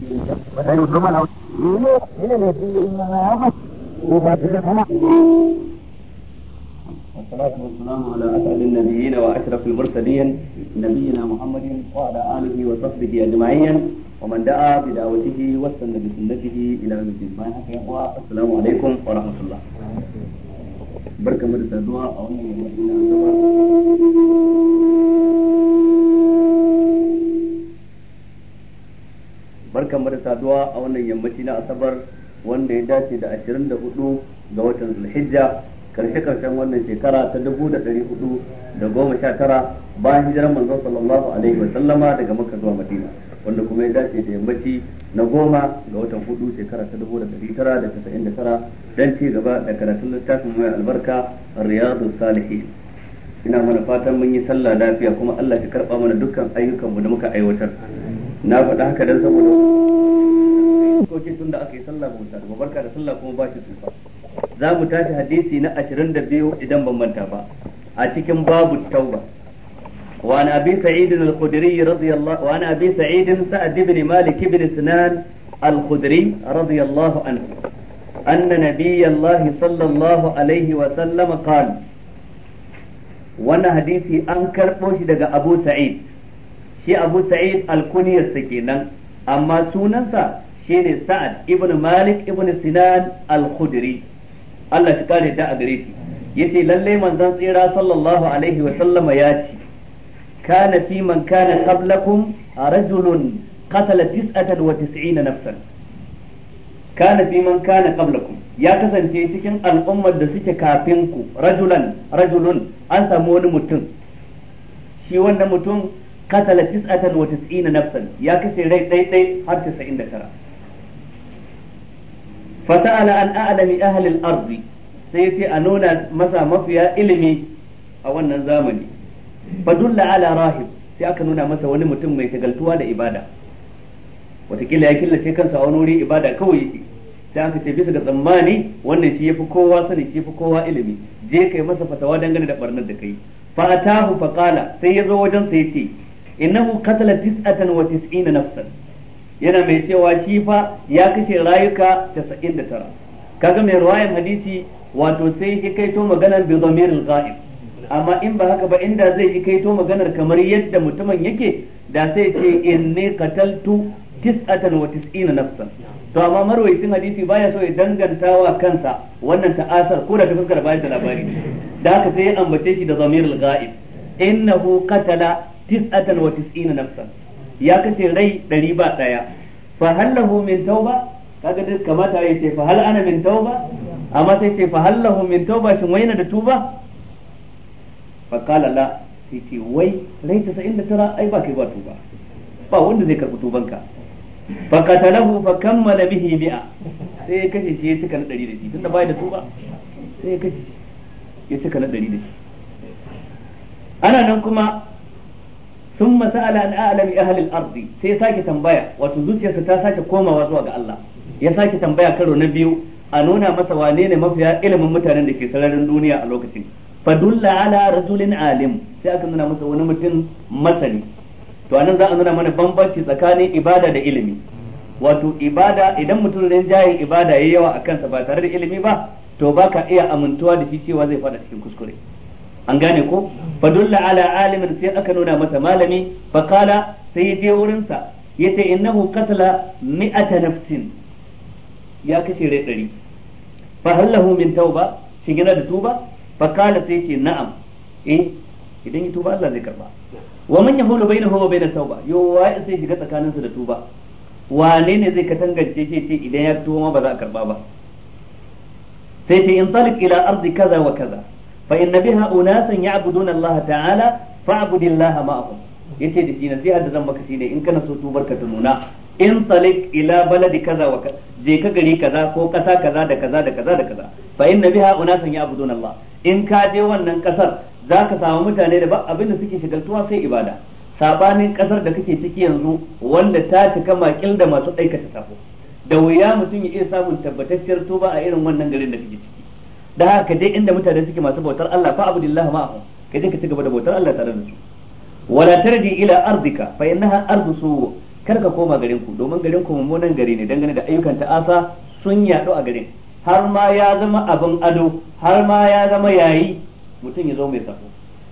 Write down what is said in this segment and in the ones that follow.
والصلاة والسلام على أسعد النبيين وأشرف المرسلين نبينا محمد وعلى آله وصحبه أجمعين ومن دعا بدعوته واستنى بسنته إلى يوم الدين السلام عليكم ورحمة الله بركة مدة الدعاء أو barkan da saduwa a wannan yammaci na asabar wanda ya dace da 24 ga watan zulhijja karshe karshen wannan shekara ta 1419 bayan hijirar manzon sallallahu alaihi wa sallama daga makka zuwa madina wanda kuma ya dace da yammaci na goma ga watan hudu shekara ta tara don ci gaba da karatun littafin mai albarka riyadu salihi ina mana fatan mun yi sallah lafiya kuma Allah ya karba mana dukkan ayyukanmu da muka aiwatar na faɗa haka dan saboda kokin tun da aka yi sallah bauta ba barka da sallah kuma ba shi tsufa za mu tashi hadisi na biyu idan ban manta ba a cikin babu tauba وعن أبي سعيد الخدري رضي الله وعن أبي سعيد سعد بن مالك بن سنان الخدري رضي الله عنه أن نبي الله صلى الله عليه وسلم قال حديثي أنكر أبو سعيد shi abu sa'id alkuniyarsa kenan amma sunansa shine sa'ad ibn malik ibn sinan al-khudri Allah shi kare da a gare shi yace lalle manzon tsira sallallahu alaihi wa sallama ya ce kana fi man kana qablakum rajulun qatala 99 nafsan kana fi man kana qablakum ya kasance cikin al'ummar da suke kafin ku rajulan rajulun an samu wani mutum shi wannan mutum katala tis'atan wa tis'ina nafsan ya kashe rai dai dai har 99 fata'ala an a'lami ahli al-ard sai yace a nuna masa mafiya ilimi a wannan zamani fadulla ala sai aka nuna masa wani mutum mai shagaltuwa da ibada watakila ya killace kansa a wani wuri ibada kawai yake sai bisa ga tsammani wannan shi yafi kowa sani shi yafi kowa ilimi je kai masa fatawa dangane da barnar da kai fa atahu fa qala sai ya zo wajen sa yace innahu katala tis'atan wa tis'ina nafsan yana mai cewa shi fa ya kashe rayuka 99 kaga mai riwayan hadisi wato sai ya kaito maganar bi dhamiril ghaib amma in ba haka ba inda zai yi kaito maganar kamar yadda mutumin yake da sai ce inni qataltu tis'atan wa tis'ina nafsan to amma marwayin hadisi baya so ya dangantawa kansa wannan ta'asar ko da ta fuskar bayar da labari da haka sai ya ambace shi da zamirul ghaib innahu qatala tis'atan wa tis'ina nafsan ya kace rai dari ba ɗaya fa halahu min tauba kaga duk kamata ya ce fa hal ana min tauba amma sai ce fa halahu min tauba shin waina da tuba fa kala la sai ce wai rai ta tara ai ba kai ba tuba ba wanda zai karɓi tubanka fa katalahu fa kammala bihi bi'a sai ya kashe shi ya cika na dari da shi tunda bai da tuba sai ya kashe ya cika na dari da shi ana nan kuma Tun masala an a'lami ahli arzi sai sai sake tambaya wato zuciyarsa ta sake komawa zuwa ga Allah ya sake tambaya karo na biyu a nuna masa wane ne mafiya ilimin mutanen da ke sararin duniya a lokacin fadulla ala rajulin alim sai aka nuna masa wani mutum masani to anan za a nuna mana bambanci tsakanin ibada da ilimi wato ibada idan mutum rinjayen ibada yayi yawa a kansa ba tare da ilimi ba to baka iya amintuwa da shi cewa zai fada cikin kuskure an gane ko fadulla ala alimin sai aka nuna masa malami fakala sai ya je wurinsa ya ce innahu qatala mi'ata nafsin ya kashe rai ɗari fa hallahu min tauba shi yana da tuba fakala sai ce na'am eh idan ya tuba Allah zai karba wa man yahulu bainahu wa bain tauba yo wai sai shiga tsakaninsa da tuba wane ne zai katangance shi ce idan ya tuba ma ba za a karba ba sai ta in talik ila ardi kaza wa kaza fa inna biha unasan ya'buduna Allah ta'ala fa'budillaha ma'ahum yace da shi sai da zan maka shine in kana so tubar ka tununa in salik ila baladi kaza wa je ka gari kaza ko kasa kaza da kaza da kaza da kaza fa inna biha unasan ya'buduna Allah in ka je wannan kasar zaka samu mutane da ba abin da suke shigaltuwa sai ibada sabanin kasar da kake ciki yanzu wanda ta cika makil da masu aikata sako da wuya mutum ya iya samun tabbatacciyar tuba a irin wannan garin da kake ciki da haka dai inda mutane suke masu bautar Allah fa abudillah ma'ahum ka je ka ci gaba da bautar Allah tare da su wala tarji ila ardika fa innaha ardu su kar ka koma garin ku domin garin ku mummunan gari ne dangane da ayyukan ta'asa sun yadu a garin har ma ya zama abin ado har ma ya zama yayi mutum ya zo mai sako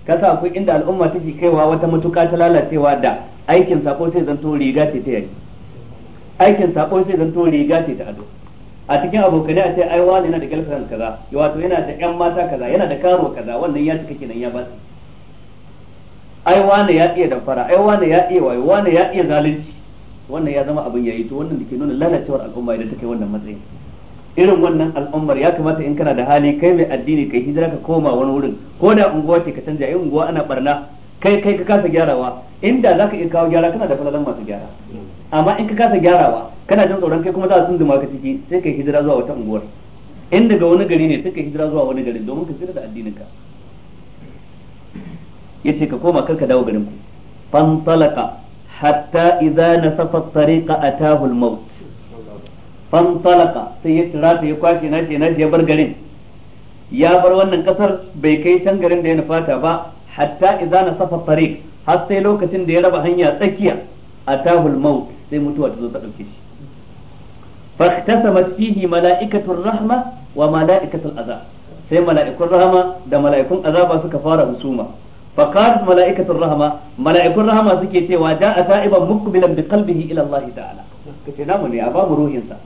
kasa akwai inda al'umma take kaiwa wata matuƙa ta lalacewa da aikin sako sai zanto riga ce ta yaki aikin sako sai zanto riga ce ta ado a cikin abokan a ce ai wani yana da girlfriend kaza wato yana da yan mata kaza yana da karo kaza wannan ya cika kenan ya ba su ai wani ya iya damfara ai wani ya iya wayo wani ya iya zalunci wannan ya zama abin yayi to wannan dake nuna lalacewar al'umma idan kai wannan matsayin irin wannan al'ummar ya kamata in kana da hali kai mai addini kai hijira ka koma wani wurin ko da unguwa ce ka canja ai unguwa ana barna kai kai ka kasa gyarawa inda zaka iya kawo gyara kana da falalan masu gyara amma in ka kasa gyarawa kana jin tsoron kai kuma za a tsunduma ka ciki sai kai hijira zuwa wata unguwar in daga wani gari ne sai kai hijira zuwa wani gari domin ka tsira da addinin ka yace ka koma ka dawo garin ku fantalaka hatta idza nasafa tariqa atahu al-maut fantalaka sai ya tsira ya kwashe na je na ya bar garin ya bar wannan kasar bai kai can garin da ya nufata ba hatta izana nasafa tariq har sai lokacin da ya raba hanya tsakiya atahul maut sai mutuwa ta zo ta dauke shi fahtasamat fihi mala'ikatur rahma wa mala'ikatul azab sai mala'ikun rahama da mala'ikun azaba suka fara husuma فقالت ملائكة rahama ملائكة الرحمة سكي تيوا جاء تائبا مقبلا بقلبه bi الله تعالى kace namu ne a bamu ruhinsa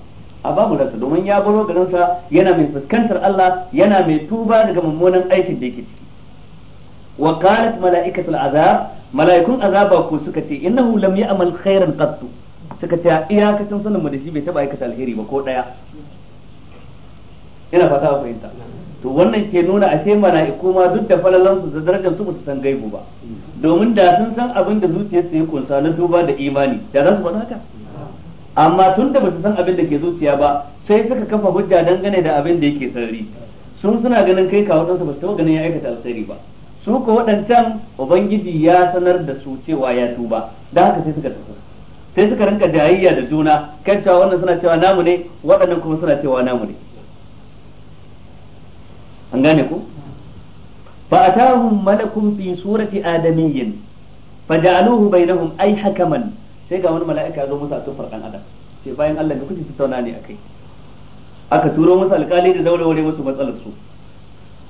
a bamu ransa domin ya baro garinsa yana mai fuskantar Allah yana mai tuba daga mummunan aikin da yake ciki wa qalat mala'ikatul azab mala'ikun azaba ko suka ce innahu lam ya'mal khairan qatt suka ce iyakacin sanin mu da shi bai taba aikata alheri ba ko daya ina fata ku fahimta to wannan ke nuna ashe mala'iku ma duk da falalan su da darajar su ba su san gaibu ba domin da sun san abin da zuciyar su ya kunsa na duba da imani da za su faɗa haka amma tun da ba su san abin da ke zuciya ba sai suka kafa hujja dangane da abin da yake sarri sun suna ganin kai kawo ɗansa ba su taɓa ganin ya aikata alheri ba su ko waɗancan ubangiji ya sanar da su cewa ya tuba da haka sai suka tafi sai suka rinka jayayya da juna kan cewa wannan suna cewa namu ne waɗannan kuma suna cewa namu ne an gane ku fa atahum malakun fi surati adamiyyin fa ja'aluhu bainahum ay hakaman sai ga wani mala'ika ya zo musu a sufar dan adam sai bayan Allah da kuke tattauna ne akai aka turo musu alƙali da daure wure musu matsalar su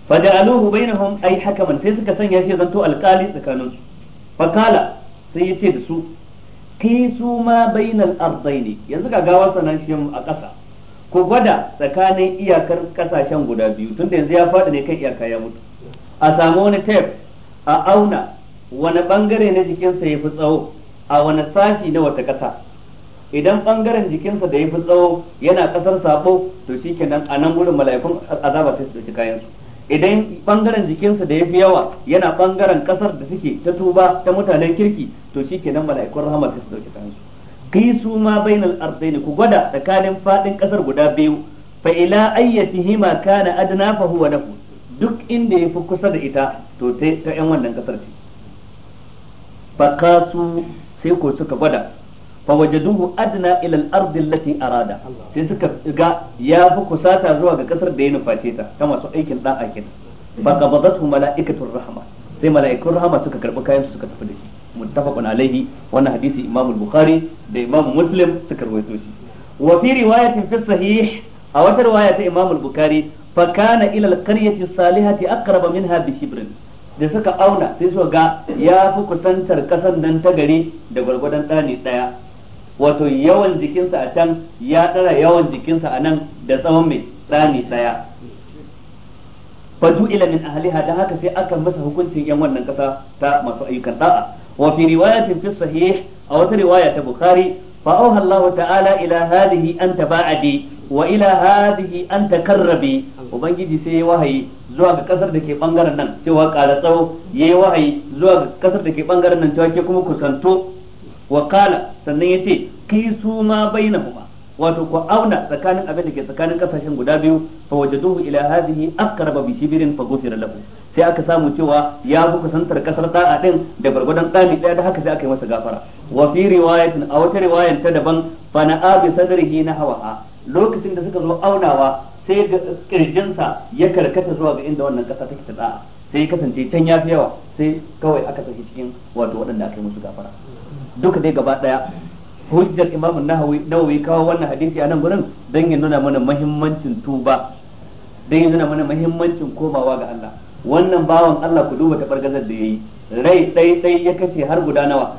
fa ja'aluhu bainahum ay hakaman sai suka sanya shi zanto alqali tsakanin su fa kala sai da su qisu ma bainal ardaini yanzu ga gawar sanan shi a ƙasa ku gwada tsakanin iyakar kasashen guda biyu tunda yanzu ya faɗi ne kan iyaka ya mutu a samu wani tef a auna wani bangare na jikinsa ya fi tsawo a wani sashi na wata ƙasa idan bangaren jikinsa da ya fi tsawo yana ƙasar sabo to kenan a nan wurin mala'ikun azaba sai su ɗauki kayansu idan bangaren jikinsa da ya fi yawa yana bangaren kasar da suke ta tuba ta mutanen kirki to shi kenan mala'ikun rahama sai su dauki kansu qisu ma bainal ne ku gwada tsakanin fadin kasar guda biyu fa ila hima kana adna fa huwa lahu duk inda ya fi kusa da ita to ta yan wannan kasar ce fa sai ko suka gwada fa wajaduhu adna ila al-ardi allati arada sai suka ga ya fi kusata zuwa ga kasar da ya nuface ta ta masu aikin da'a kenan fa qabadatu mala'ikatur rahma sai mala'ikun rahma suka karbi kayan su suka tafi da shi muttafaqun alaihi wannan hadisi Imam bukhari da Imam Muslim suka rawaito shi wa fi riwayatin fi sahih a wata riwaya ta Imam bukhari fa kana ila al-qaryati salihati aqraba minha bi shibrin da suka auna sai suka ga ya fi kusantar kasan nan ta gari da gwargwadon ɗani ɗaya wato yawan jikinsa a can ya tsara yawan jikinsa a nan da tsawon mai tsani tsaya fadu ila min ahliha dan haka sai aka masa hukuncin yan wannan kasa ta masu ayyukan da'a wa fi riwayatin fi sahih a wata riwaya ta bukhari fa auha Allah ta'ala ila hadhihi an taba'adi wa ila hadhihi an takarrabi ubangiji sai ya wahayi zuwa ga kasar da ke bangaren nan cewa ƙara tsawo yayi wahayi zuwa ga kasar da ke bangaren nan cewa ke kuma kusanto wakala sannan ya ce kai su ma bainahuma wato ku auna tsakanin abin da ke tsakanin kasashen guda biyu fa duhu ila hadhihi aqraba raba shibirin fa ghufira lahu sai aka samu cewa ya fi kusantar kasar da'a din da gwargwadon tsami daya da haka sai aka yi masa gafara wa fi riwayatin a wata riwayan ta daban fa na abi sadrihi na hawa lokacin da suka zo aunawa sai kirjinsa ya karkata zuwa ga inda wannan kasa take ta da'a sai ya kasance can ya fi yawa sai kawai aka saki cikin wato waɗanda aka yi musu gafara duka dai gaba daya hujjar imam an-nahawi nawawi kawo wannan hadisi a nan gurin don ya nuna mana mahimmancin tuba don ya nuna mana mahimmancin komawa ga Allah wannan bawan Allah ku duba tabargazar da yayi rai ɗai ɗai ya kashe har guda nawa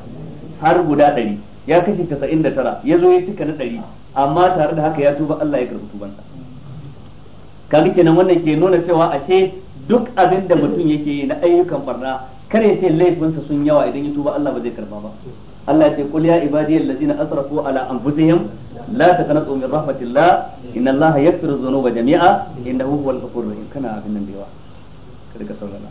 har guda ɗari ya kashe casa'in da tara ya zo ya cika na ɗari amma tare da haka ya tuba Allah ya karɓi tubansa kaga kenan wannan ke nuna cewa ashe duk abin da mutum yake yi na ayyukan barna kar ya ce laifinsa sun yawa idan ya tuba Allah ba zai karba ba Allah ce kul ya ibadiyal ladzina asrafu ala anfusihim la taqnatu min rahmatillah inna Allah yaghfiru dhunuba jami'a innahu huwal ghafurur rahim kana abin nan da yawa kada saurara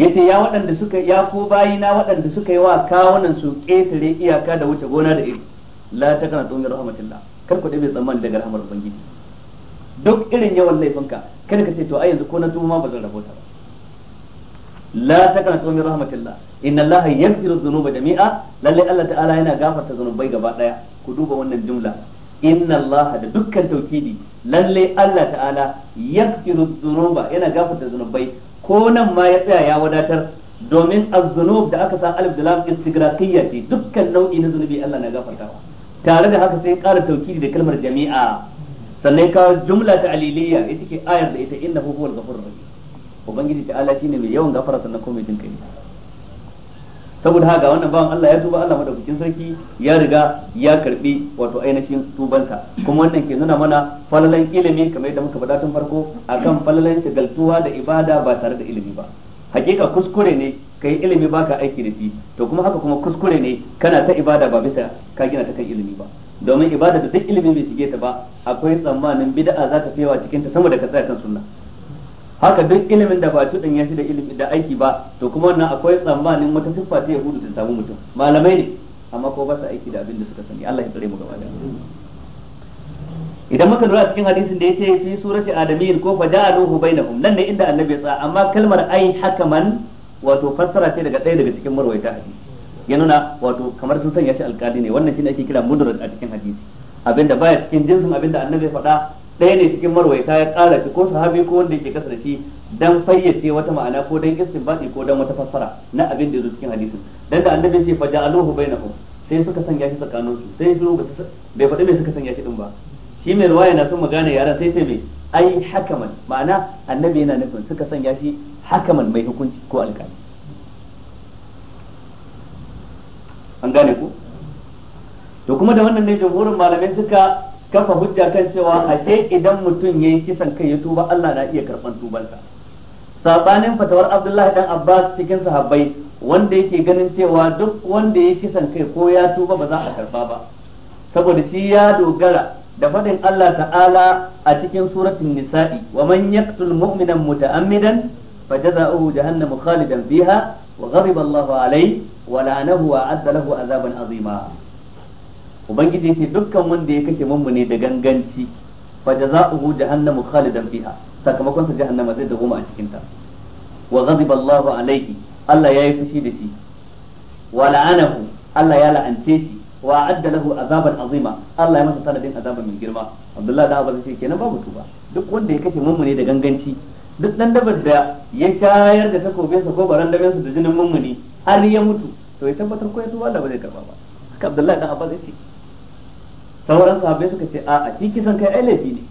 yace ya waɗanda suka ya ko bayina waɗanda suka yi wa kawunan su ƙetare iyaka da wuce gona da iri la ta min rahmatillah kar ku dabe tsammani daga rahmar ubangiji duk irin yawan laifinka kada ka ce to ai yanzu ko na tuma ma ba zan rabota ba la taqnatu min rahmatillah inna allaha yaghfiru dhunuba jami'a lallai Allah ta'ala yana gafarta zunubai gaba daya ku duba wannan jumla inna da dukkan taukidi lallai Allah ta'ala yaghfiru dhunuba yana gafarta zunubai ko nan ma ya tsaya ya wadatar domin az-zunub da aka sa alif da lam istigraqiyya ce dukkan nau'i na zunubi Allah na gafartawa tare da haka sai kara taukidi da kalmar jami'a sannan ka jumla ta aliliya ita ke ayar da ita innahu huwal ghafurur rahim ubangiji ta Allah shine mai yawan gafara sannan kuma mai jin kai saboda haka wannan bawan Allah ya tuba Allah madaukakin sarki ya riga ya karbi wato ainihin tubanta. kuma wannan ke nuna mana falalan ilimi kamar yadda muka faɗa tun farko akan falalan shagaltuwa da ibada ba tare da ilimi ba hakika kuskure ne kai ilimi ba ka aiki da shi to kuma haka kuma kuskure ne kana ta ibada ba bisa ka gina ta kan ilimi ba domin ibada da duk ilimi bai shige ta ba akwai tsammanin bida'a za ta fiyawa cikin ta sama da ka tsaya kan sunna haka duk ilimin da ba tudin ya da ilimi da aiki ba to kuma wannan akwai tsammanin wata siffa ta yahudu ta samu mutum malamai ne amma ko ba su aiki da abin da suka sani Allah ya tsare mu gaba da idan muka lura cikin hadisin da yace fi surati in ko fa ja'aluhu bainahum nan ne inda annabi ya tsaya amma kalmar ai hakaman wato fassara ce daga ɗaya daga cikin marwaita hadisi ya nuna wato kamar sun sanya shi alkali ne wannan shine ake kira mudrad a cikin hadisi abinda baya cikin jinsin abinda annabi ya faɗa ɗaya ne cikin marwaita ya ƙara shi ko sahabi ko wanda yake kasa da shi dan fayyace wata ma'ana ko dan istinbati ko dan wata fassara na abin da yazo cikin hadisin dan da annabi ce fa ja'aluhu ku sai suka sanya shi tsakanin su sai su bai faɗi me suka sanya shi din ba shi mai ruwaya na son magana yaran sai sai me ai hakaman ma'ana annabi yana nufin suka sanya shi hakaman mai hukunci ko alƙali an gane ku to kuma da wannan ne jumhurin malamai suka kafa hujja kan cewa ashe idan mutum yayi kisan kai ya tuba Allah na iya karban tubansa sabanin fatawar Abdullahi dan Abbas cikin sahabbai wanda yake ganin cewa duk wanda yayi kisan kai ko ya tuba ba za a karba ba saboda shi ya dogara da faɗin Allah ta'ala a cikin suratul nisa'i wa man yaqtul mu'minan muta'ammidan fajaza'uhu jahannamu khalidan fiha wa ghadiba Allahu alayhi wa la'anahu wa 'adda lahu 'azaban 'azima ubangiji yake dukkan wanda ya kashe mummune da ganganci fa jazaohu jahannamu khalidan fiha sakamakon sa jahannama zai dawoma a cikin ta wa ghadiba Allahu alaihi Allah yayi fushi da shi wa la'anahu Allah ya la'ance shi wa adda lahu azaban azima Allah ya masa sanadin azaban mai girma Abdullahi da Abbas ce kenan babu tuba duk wanda ya kashe mummune da ganganci duk dan dabar da ya shayar da takobinsa ko baran dabensa da jinin mummuni har ya mutu to ya tabbatar ko ya tuba Allah ba zai karba ba haka Abdullahi da Abbas ce sauran sahabbai suka ce a shi kisan kai ai laifi ne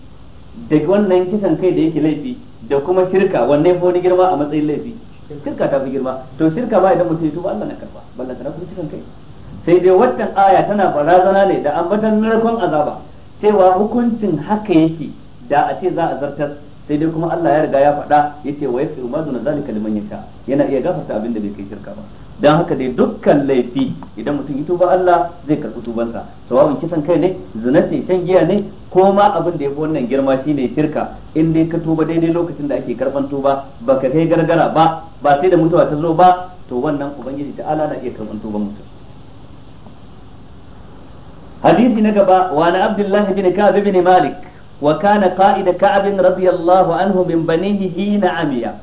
da wannan kisan kai da yake laifi da kuma shirka wannan fa wani girma a matsayin laifi shirka ta fi girma to shirka ba idan mutum ya tuba Allah na karba ballan tana kuma kisan kai sai dai wannan aya tana barazana ne da ambatan narkon azaba cewa hukuncin haka yake da a ce za a zartar sai dai kuma Allah ya riga ya faɗa yace wa yasiru ma duna zalika liman yasha yana iya gafarta abin da bai kai shirka ba dan haka dai dukkan laifi idan mutum ya tuba Allah zai karɓi tubansa sawabin kisan kai ne zina ce shan giya ne ko ma abin da ya fi wannan girma shi ne shirka in dai ka tuba daidai lokacin da ake karban tuba baka kai gargara ba ba sai da mutuwa ta zo ba to wannan ubangiji ala na iya karɓan tuban mutum hadisi na gaba wa na abdullah bin ka'ab bin malik wa kana qa'ida ka'ab radiyallahu anhu min banihi hina amiya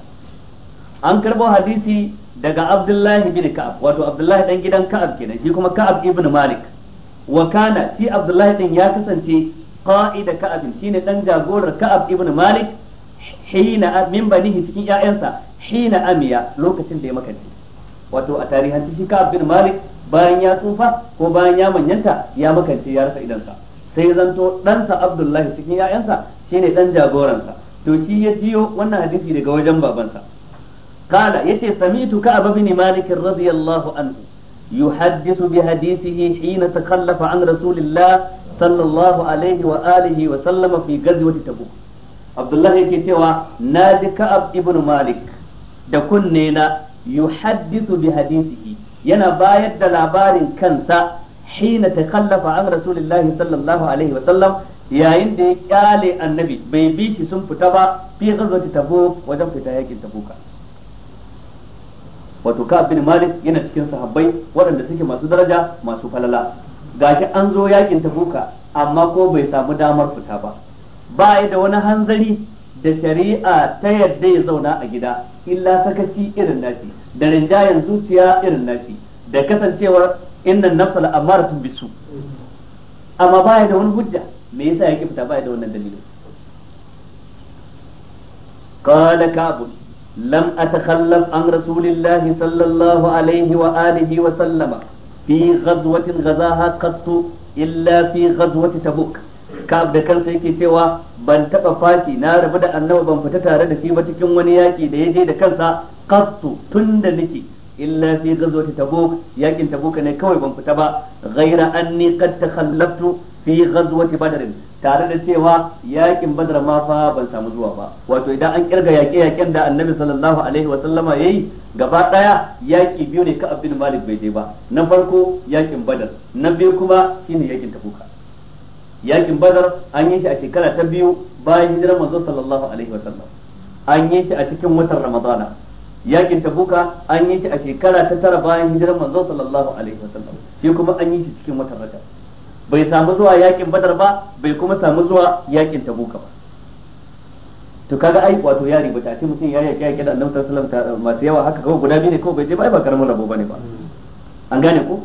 an karbo hadisi daga Abdullahi bin Ka'ab wato Abdullahi dan gidan Ka'ab kenan shi kuma Ka'ab ibn Malik wa kana shi Abdullahi din ya kasance qa'ida Ka'ab shine dan jagorar Ka'ab ibn Malik hina min banihi cikin ƴaƴansa hina amiya lokacin da ya makanci wato a tarihin shi Ka'ab bin Malik bayan ya tsufa ko bayan ya manyanta ya makance ya rasa idansa sai zanto ɗansa Abdullahi cikin ƴaƴansa shine dan jagoransa to shi ya jiyo wannan hadisi daga wajen babansa qala yace sami'tu ka'ab ibn malik radiyallahu anhu يحدث بحديثه حين تخلف عن رسول الله صلى الله عليه وآله وسلم في غزوة تبوك عبد الله يكي تيوا كعب ابن مالك da kunne na yuhaddithu bi hadithihi yana bayar da labarin kansa hina takallafa an rasulullah sallallahu alaihi wa sallam yayin da ya kyale annabi bai bi sun fita ba fi wajen fita yakin tabuka wato ka bin malik yana cikin sahabbai waɗanda suke masu daraja masu falala Ga shi an zo yakin tabuka amma ko bai samu damar fita ba ba ya da wani hanzari da shari'a ta yadda ya zauna a gida illa sakaci irin nashi da rinjayen zuciya irin nashi da kasancewar innan nafsal amaratun bisu amma ya da wani hujja me yasa yake fita ya da wannan dalilin qala kabun لم أتخلف عن رسول الله صلى الله عليه وآله وسلم في غزوة غزاها قط إلا في غزوة تبوك كعب da kansa yake cewa ban taɓa faci na rabu da annabi ban fita tare da shi ba cikin wani yaki da ya yaje da kansa qattu tunda nake illa fi ghazwati tabuk yakin tabuk ne kawai ban fita ba ghaira anni qad takhallaftu fi ghazwati badarin tare da cewa yakin badar ma fa ban samu zuwa ba wato idan an kirga yaƙe yaƙen da annabi sallallahu alaihi wa sallama yayi gaba daya yaƙi biyu ne ka abdul malik bai je ba na farko yakin badar na biyu kuma shine yakin tabuka yakin badar an yi shi a shekara ta biyu bayan hijirar manzo sallallahu alaihi wa sallam an yi shi a cikin watan ramadana yakin tabuka an yi shi a shekara ta tara bayan hijirar manzo sallallahu alaihi wa sallam shi kuma an yi shi cikin watan rajab bai samu zuwa yakin badar ba bai kuma samu zuwa yakin tabuka ba to kaga ai wato ya ta sai mutum ya yake yake da annabi sallallahu alaihi wasallam masu yawa haka kawai guda biyu ne kawai bai je ba ai ba karamin rabo bane ba an gane ko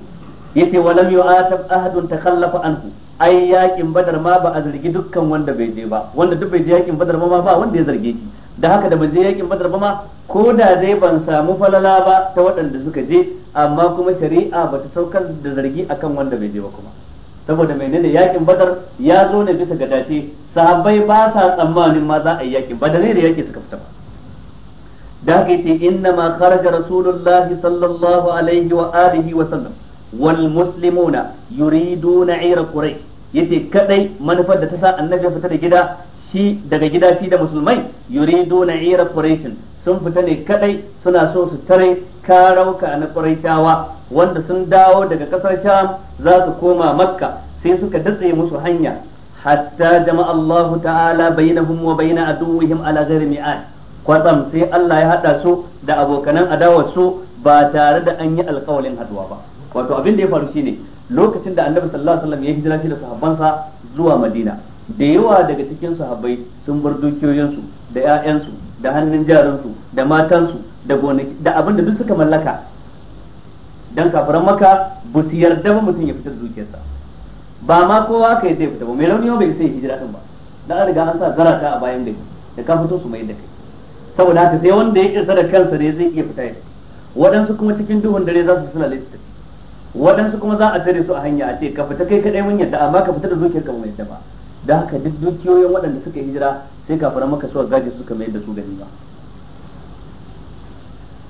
yace walam yu'atab ahadun takhallafa anhu ai yakin badar ma ba a zargi dukkan wanda bai je ba wanda duk bai je yakin badar ba ma ba wanda ya zarge shi da haka da ban je yakin badar ba ma ko da dai ban samu falala ba ta waɗanda suka je amma kuma shari'a ba ta saukar da zargi akan wanda bai je ba kuma saboda menene yakin badar ya zo ne bisa ga dace sahabbai ba sa tsammanin ma za a yi yakin ba da ne da yake suka fita ba da haka yace inna ma kharaja rasulullah sallallahu alaihi wa alihi wa sallam wal muslimuna yuriduna ira quraish yace kadai manufar da ta sa annabi fita da gida shi daga gida shi da musulmai yuriduna ira quraish sun fita ne kadai suna so su tare karauka na ƙuraishawa wanda sun dawo daga ƙasar sham za su koma makka sai suka datse musu hanya hatta jama Allah ta'ala bainahum wa baina aduwwihim ala ghairi mi'ad kwatsam sai Allah ya hada su da abokanan adawar su ba tare da an yi alƙawalin haduwa ba wato abin da ya faru shine lokacin da Annabi sallallahu alaihi wasallam ya hijira shi da sahabbansa zuwa Madina da yawa daga cikin sahabbai sun bar dukiyoyinsu da 'ya'yansu da hannun jarinsu da matansu da gonaki da abin da duk suka mallaka dan kafiran maka bu su yarda ba mutum ya fitar zuciyarsa ba ma kowa ka yi zai fita ba mai rauni bai sai hijira din ba dan an riga an sa zarata a bayan gari da ka fito su mai da kai saboda haka sai wanda ya kirsa da kansa ne zai iya fita ya waɗansu kuma cikin duhun dare za su suna su tafi waɗansu kuma za a tare su a hanya a ce ka fita kai kadai mun yadda amma ka fita da zuciyarka ba mai yadda ba da haka duk dukiyoyin waɗanda suka hijira sai kafiran maka suwa gaji suka mai da su gani ba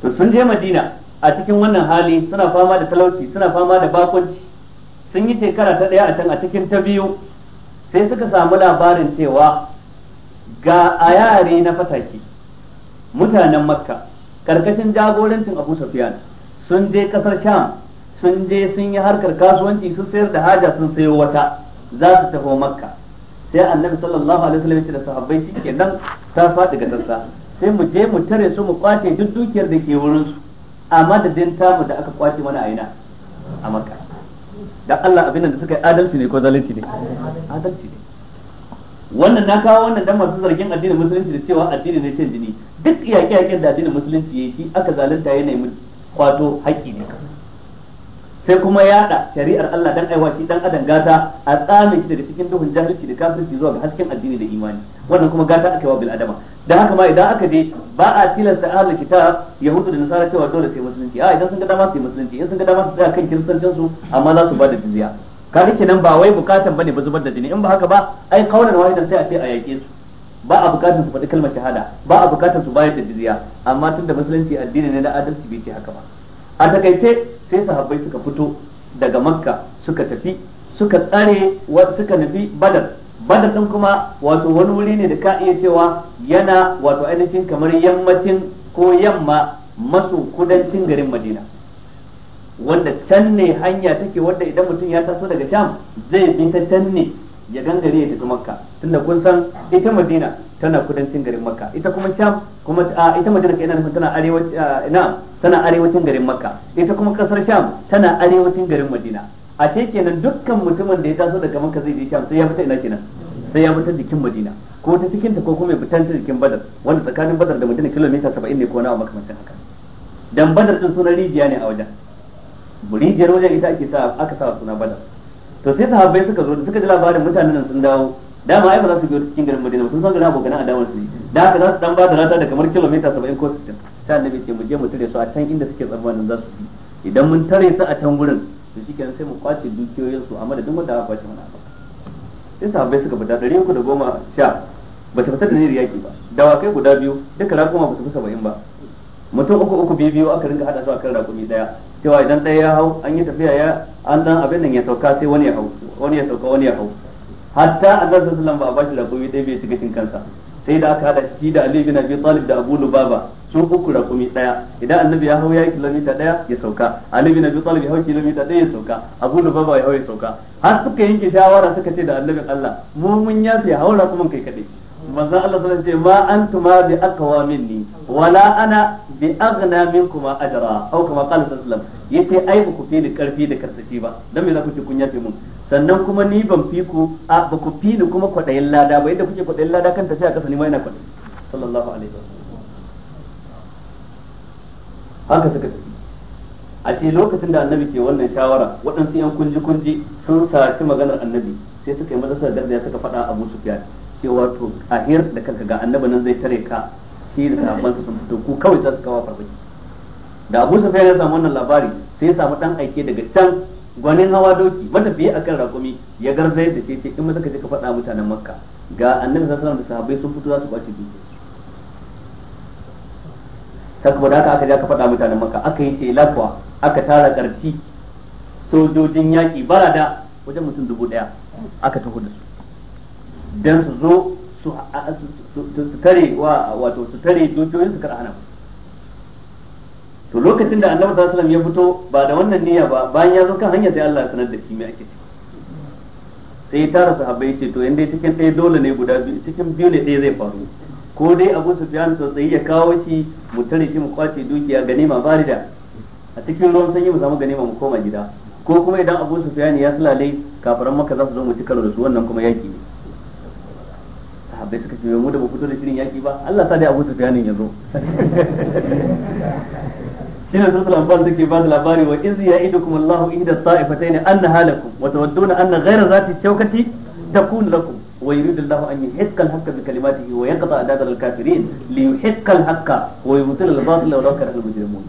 to sun je madina a cikin wannan hali suna fama da talauci suna fama da bakunci sun yi shekara ta ɗaya a can a cikin ta biyu sai suka samu labarin cewa ga a yare na fataki mutanen makka karkashin jagorancin abu safiyan sun je kasar sham sun je sun yi harkar kasuwanci sun sayar da haja sun sayo wata za su tafi makka sai annabi sallallahu alaihi wasallam ya ce da sahabbai kenan ta faɗi ga sassa sai mu je mu tare su mu kwace duk dukiyar da ke wurin su a madadin tamu da aka kwace mana a ina a makka dan Allah abin da suka yi adalci ne ko zalunci ne adalci ne wannan na kawo wannan dan masu zargin addinin musulunci da cewa addini ne cin jini duk iyake-iyaken da addinin musulunci yake shi aka zalunta yana yi kwato haƙƙi ne sai kuma yada shari'ar Allah dan aiwaci dan adam gata a tsamin shi daga cikin duhun jahilci da kafirci zuwa ga hasken addini da imani wannan kuma gata aka wa bil adama dan haka ma idan aka je ba a tilasta ahlul kitab yahudu da nasara cewa dole sai musulunci a idan sun ga dama sai musulunci in sun ga dama su tsaya kan kiristancin su amma za su ba da jizya kaga kenan ba wai bukatan bane ba zubar da jini in ba haka ba ai kaunar wahidan sai a ce a yake su ba a bukatan su faɗi kalmar shahada ba a bukatan su bayar da jizya amma tunda musulunci addini ne na adalci bai ce haka ba a takaice sai sahabbai suka fito daga makka suka tafi suka tsare suka nufi badar badar din kuma wato wani wuri ne da ka iya cewa yana wato ainihin kamar yammacin ko yamma maso kudancin garin madina wanda can ne hanya take wanda idan mutum ya taso daga sham zai bi ta can ne ya gangare ya tafi makka tunda kun san ita madina tana kudancin garin makka ita kuma sham kuma ita madina kai nufin tana arewacin tana arewacin garin makka ita kuma kasar sham tana arewacin garin madina ce kenan dukkan mutumin da ya taso daga makka zai je sham sai ya fita ina kenan sai ya fita jikin madina ko ta cikin ta ko kuma ya fita ta jikin badar wanda tsakanin badar da madina kilomita 70 ne ko nawa makamancin haka dan badar din sunan rijiya ne a wajen rijiyar wajen ita ake sa aka sa suna badar to sai sahabbai suka zo suka ji labarin mutanen nan sun dawo dama ai ba za su biyo cikin garin Madina sun san garin a adawar su da haka za su dan ba da rata da kamar kilomita 70 ko 60 sai annabi ce mu je mu tare su a can inda suke tsammanin za su bi idan mun tare su a can gurin to shikenan sai mu kwace dukiyoyin su amma da duk wanda aka kwace mana sai sahabbai suka fita dare uku da goma sha ba su fita da niyyar yaki ba dawakai guda biyu duka rakuma ba su fi saba'in ba mutum uku uku biyu biyu aka rinka hada su akan rakumi daya cewa idan ɗaya ya hau an yi tafiya ya an dan abin nan ya sauka sai wani ya hau wani ya sauka wani ya hau hatta annabi sallallahu alaihi wasallam ba a bashi rakumi ɗaya bai shiga cikin kansa sai da aka hada shi da Ali bin Abi Talib da Abu Lubaba su uku rakumi ɗaya idan annabi ya hau ya yi kilomita daya ya sauka Ali bin Abi Talib ya hau kilomita daya ya sauka Abu Lubaba ya hau ya sauka har suka yanke shawara suka ce da annabi Allah mu mun yafi haura kuma kai kadai manzo Allah sallallahu ce ma antuma bi aqwa minni wala ana bi aghna minkuma ajra aw kama qala sallallahu alaihi yace ai ba ku fi ni karfi da karsashi ba dan me za ku ce kun yafe mun sannan kuma ni ban fi ku a ba ku fi ni kuma kwadayin lada ba yadda kuke kwadayin lada kan tafiya kasa ni ma ina kwadayi sallallahu alaihi wasallam haka suka ce a ce lokacin da annabi ke wannan shawara waɗansu yan kunji kunji sun saci maganar annabi sai suka yi mazasar da ya suka faɗa abu fiye cewa to ahir da kanka ga annabi nan zai tare ka shi da sahabbansa sun fito ku kawai za su kawo farmaki da Abu Sufyan ya samu wannan labari sai ya samu dan aike daga can gwanin hawa doki a akan rakumi ya garzayar da ce ce in ka je ka faɗa mutanen Makka ga annabi sallallahu alaihi wasallam da sahabbai sun fito za su kwace ta saboda da aka ja ka faɗa mutanen maka aka yi ce lakwa aka tara ƙarfi sojojin yaƙi barada wajen mutum dubu ɗaya aka taho da su dan su zo su tare wa wato su tare dukiyoyin su kar ba to lokacin da annabi sallallahu alaihi wasallam ya fito ba da wannan niyya ba bayan ya zo kan hanya sai Allah ya sanar da shi me ake sai ya tara sahabbai ce to yanda cikin ɗaya dole ne guda biyu cikin biyu ne ɗaya zai faru ko dai Abu Sufyan sai ya kawo shi mu tare shi mu kwace dukiya ganima barida a cikin ruwan sanyi mu samu ganima mu koma gida ko kuma idan Abu Sufyan ya sulale kafaran maka za su zo mu ci karo da su wannan kuma yaki ne sahabbai suka ce mu da ba fito da shirin yaki ba Allah sa dai Abu Sufyanin yazo shine sun lambar take ba da labari wa iz ya'idukum Allahu ihda ta'ifatayn annaha lakum wa tawadduna anna ghayra zati shawkati takun lakum wa yuridu Allahu an yuhiqqa al-haqqa bi kalimatihi wa yaqta adadal al-kafirin li yuhiqqa al-haqqa wa yubtila al-batila wa law kana al-mujrimun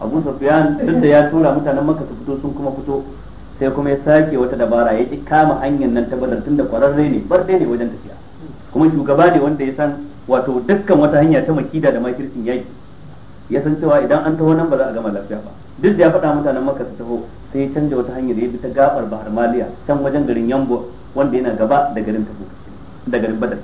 Abu Sufyan duk da ya tura mutanen Makka su fito sun kuma fito sai kuma ya sake wata dabara ya ki kama hanyar nan ta tun da kwararre ne bar ne wajen tafiya kuma shugaba ne wanda ya san wato dukkan wata hanya ta makida da makircin yaki ya san cewa idan an taho nan ba za a gama lafiya ba duk da ya faɗa mutanen maka su taho sai ya canja wata hanyar ya bi ta gabar bahar maliya can wajen garin yambo wanda yana gaba da garin tafi da garin badar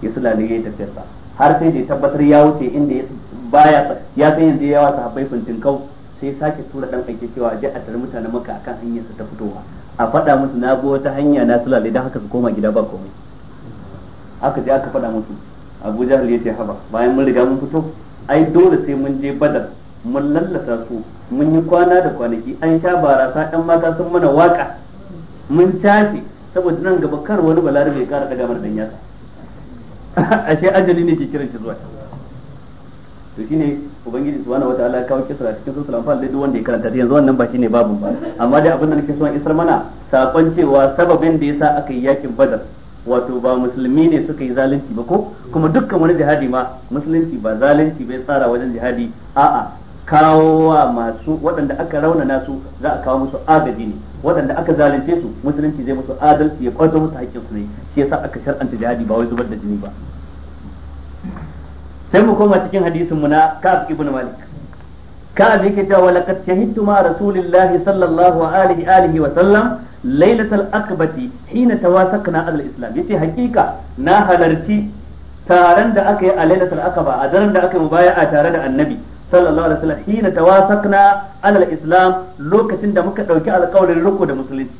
ya sulale ya ta tafiyarsa har sai da ya tabbatar ya wuce inda ya baya ya san yanzu ya wasa fintin kau sai sake tura dan aiki cewa je a tare mutanen maka akan hanyar sa ta fitowa a faɗa musu na bi wata hanya na sulale dan haka su koma gida ba komai aka je aka faɗa musu Abu Jahl yace haba bayan mun riga mun fito ai dole sai mun je Badar mun lallasa su mun yi kwana da kwanaki an sha barasa ɗan mata sun mana waka mun tafi saboda nan gaba kar wani balarabe bai kara daga mar dan yasa ashe ajali ne ke kiran shi zuwa to shine ubangiji subhanahu wataala ya kawo kisra cikin suratul anfal dai duk wanda ya karanta yanzu wannan ba shine babu ba amma dai abin da nake son isar mana sakon cewa sababin da ya sa aka yi yakin badar wato ba musulmi ne suka yi zalunci ba ko kuma dukkan wani jihadi ma musulunci ba zalunci bai tsara wajen jihadi a'a kawowa masu waɗanda aka raunana su za a kawo musu agaji ne waɗanda aka zalunce su musulunci zai musu adalci ya kwato musu haƙƙin su ne shi yasa aka shar'anta jihadi ba wai zubar da jini ba sai mu koma cikin hadisin mu na Ka'ab ibn Malik Ka'ab yake cewa laqad shahidtu ma rasulillahi sallallahu alaihi alihi wa sallam lailatul akbati hina tawasaqna al islam yace hakika na halarci taron da aka yi a lailatul akaba a daren da aka yi mubaya'a tare da annabi sallallahu alaihi wasallam hina tawasaqna alal islam lokacin da muka dauki alƙawarin riko da musulunci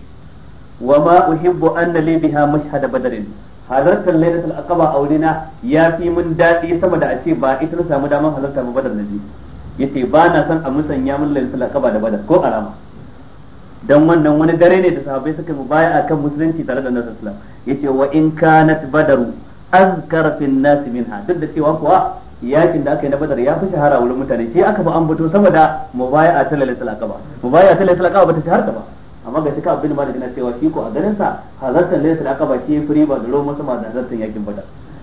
wa ma uhibbu anna li biha mashhad badrin halartar lailatul aqaba a wurina ya fi mun daɗi sama da a ce ba ita na samu damar halarta ba badar naji yace ba na son a musanya mun lailatul aqaba da badar ko alama dan wannan wani dare ne da sahabbai suka mu baya akan musulunci tare da nasar islam Ya yace wa in kanat badaru azkar fin nas minha duk da cewa kuwa yakin da aka yi na badar ya fi shahara wurin mutane shi aka ba an bato sama da mubaya'a ta lailatul aqaba mubaya'a ta lailatul aqaba bata shaharta ba amma ga cika abin malik na cewa shi ko a ganin sa hazartan laysa da ba shi firi ba da roma sama da hazartan yakin bada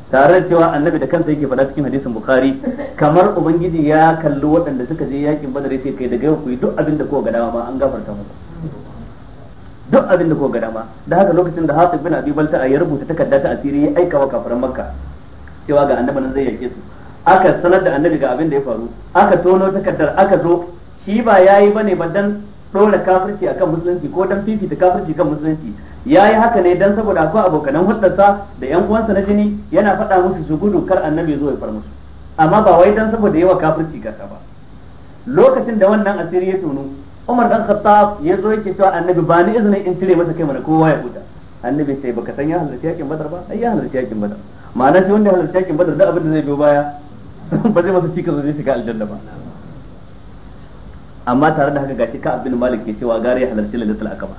tare da cewa annabi da kansa yake faɗa cikin hadisin bukhari kamar ubangiji ya kalli waɗanda suka je yakin badar sai kai daga yau ku yi duk abin da kowa ga dama an gafarta muku duk abin da kowa ga dama da haka lokacin da hafiz bin abi balta ya rubuta takarda ta asiri ya aika wa kafiran makka cewa ga annabi nan zai yake su aka sanar da annabi ga abin da ya faru aka tono takardar aka zo shi ba yayi bane ba dan dora kafirci akan musulunci ko dan fifita kafirci kan musulunci ya yi haka ne dan saboda akwai abokanan hulɗarsa da yan uwansa na jini yana faɗa musu su gudu kar annabi zo ya far musu amma ba wai dan saboda yawa kafirci kasa ba lokacin da wannan asiri ya tunu Umar dan Khattab ya zo yake cewa annabi ba ni izinin in cire masa kai mana kowa ya huta annabi sai baka san ya halarci yakin badar ba ai ya halarci yakin badar ma'ana shi wanda halarci yakin badar da abin da zai biyo baya ba zai masa cikin zai shiga aljanna ba amma tare da haka gashi ka abin malik ke cewa gare ya halarci lailatul akaba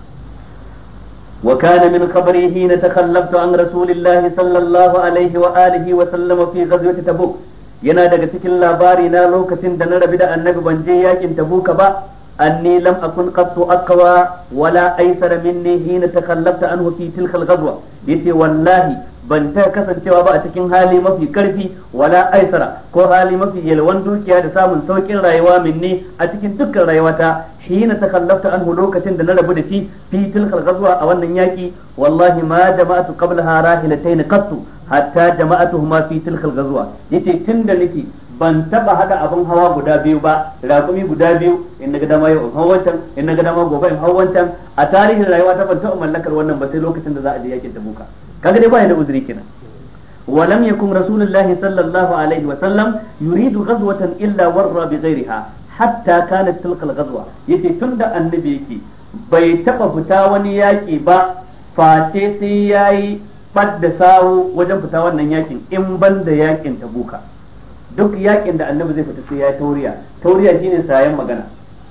wa kana min khabari na takhallaftu an rasulillahi sallallahu alaihi wa alihi wa sallam fi ghazwati tabuk yana daga cikin labari na lokacin da na rabi da annabi ban je yakin tabuka ba anni lam akun qattu aqwa wala aysara minni hina takhallaftu anhu fi tilka al-ghazwa yace wallahi ban ta kasancewa ba a cikin hali mafi karfi wala aisara ko hali mafi yalwan dukiya da samun saukin rayuwa minne a cikin dukkan rayuwata shi na takallafta an anhu lokacin da na rabu da shi fi tilkal ghazwa a wannan yaki wallahi ma jama'atu qablaha rahilatayn qattu hatta jama'atuhuma fi tilkal ghazwa yace tunda nake ban taba hada abin hawa guda biyu ba raƙumi guda biyu in naga dama yau hau wancan in naga dama gobe in hau wancan a tarihin rayuwa ta ban taba mallakar wannan ba sai lokacin da za a je yakin buka kaga dai ba da uzuri kenan ولم يكن رسول الله صلى الله عليه وسلم يريد غزوة إلا ورى بغيرها حتى كانت تلك الغزوة يتي تند النبي يكي bai taɓa fita wani yaƙi ba face sai ya yi ɓadda sawo wajen fita wannan yaƙin in ban da yaƙin tabuka duk yaƙin da annabi zai fita sai ya tauriya tauriya shine sayan magana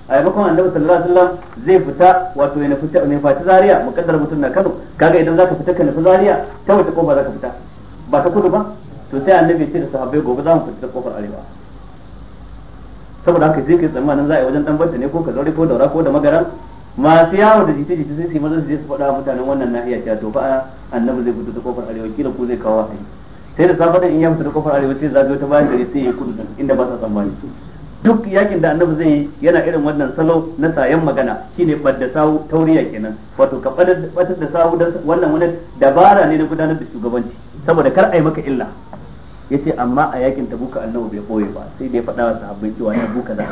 a yamakon annabi sallallahu alaihi wasallam zai fita wato ya nufi ne fati Zariya mukaddar mutum na Kano kaga idan zaka fita ka nufi Zariya ta wace kofa zaka fita ba ta kudu ba to sai annabi ce da sahabbai gobe za mu fita kofar arewa saboda haka zai kai tsammanin za a yi wajen dan banta ne ko ka zaure ko daura ko da magara masu yawo da jita jita sai su yi maza su je su faɗa mutanen wannan nahiya cewa to fa annabi zai fita ta kofar arewa kila ko zai kawo wahayi sai da dan in ya fita ta kofar arewa sai zagayo ta bayan gari sai ya kudu inda ba sa tsammani duk yakin da annabi zai yi yana irin wannan salo na sayan magana shine badda sawu tauriya kenan wato ka badda da sawu dan wannan wani dabara ne na gudanar da shugabanci saboda kar ai maka illa yace amma a yakin tabuka annabi bai boye ba sai dai ya faɗa wa sahabbai cewa ya buka da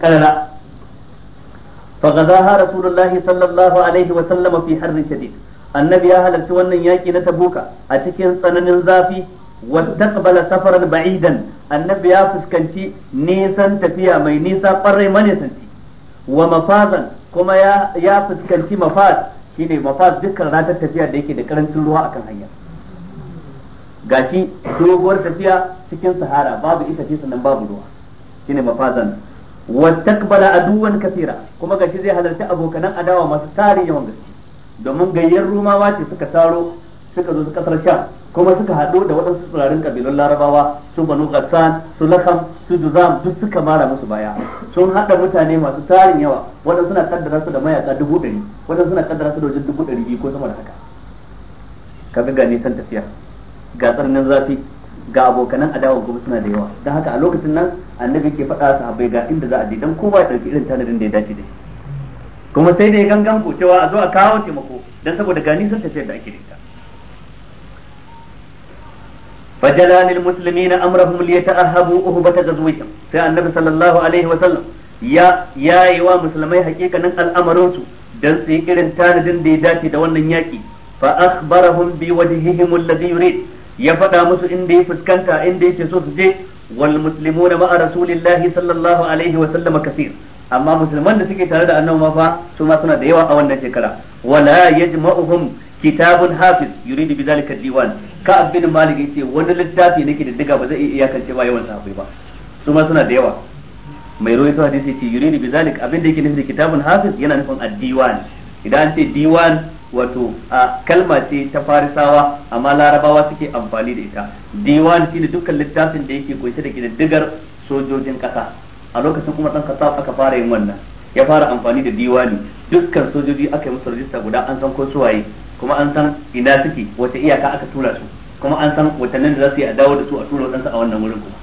karara فغزاها رسول الله صلى الله عليه وسلم في حر شديد annabi ya halarci wannan yaki na tabuka a cikin tsananin zafi Watakbala safaran ba'idan annabi ya fuskanci nisan tafiya mai nisa kwarai manisanci wa mafazan kuma ya ya fuskanci mafaz shine mafaz dukkan ranar tafiya da yake da karancin ruwa akan hanya gashi doguwar tafiya cikin sahara babu ita ce babu ruwa shine mafazan wastaqbala aduwan kasira kuma gashi zai halarci abokanan adawa masu tarin yawan gaske domin gayyar rumawa ce suka taro suka zo su kasar sha kuma suka haɗu da waɗansu tsirarin kabilun larabawa su banu ghassan su lakam su juzam duk suka mara musu baya sun haɗa mutane masu tarin yawa waɗansu suna kaddara su da mayaka dubu ɗari waɗansu suna kaddara su da wajen dubu ɗari biyu ko sama da haka Ka ga nisan tafiya ga tsarnin zafi ga abokanan adawa gobe suna da yawa don haka a lokacin nan annabi ke faɗa sahabbai ga inda za a je don kowa ya ɗauki irin tanadin da ya dace da shi kuma sai dai gangan ku cewa a zo a kawo taimako don saboda ga nisan tafiyar da ake da ita فجلا للمسلمين امرهم ليتاهبوا اهبة غزوهم sai annabi sallallahu alaihi wa sallam ya yayi wa musulmai hakikanin al'amarin su dan su yi irin tanadin da ya dace da wannan yaki fa akhbarahum bi wajhihim alladhi yurid ya faɗa musu inda ya fuskanta inda yake so su je wal muslimuna ma'a rasulillahi sallallahu alaihi wa sallam kaseer amma musulman da suke tare da annabi ma fa su ma suna da yawa a wannan shekara wala yajma'uhum kitabun hafiz yuridu bi zalika diwan ka abin malik yace wani littafi nake da diga ba zai iya iyakance ba yawan sahabbai ba su ma suna da yawa mai ta hadisi yace yuridu bi zalik abin da yake nufi kitabun hafiz yana nufin ad-diwan idan an ce diwan wato a kalma ce ta farisawa amma larabawa suke amfani da ita diwan shine dukkan littafin da yake kunshe da kididdigar sojojin kasa a lokacin kuma dan kasa aka fara yin wannan ya fara amfani da diwani dukkan sojoji aka yi musu rajista guda an san ko suwaye kuma an san ina suke wace iyaka aka tura su kuma an san watannin da za su yi a dawo da su a tura wadansu a wannan wurin kuma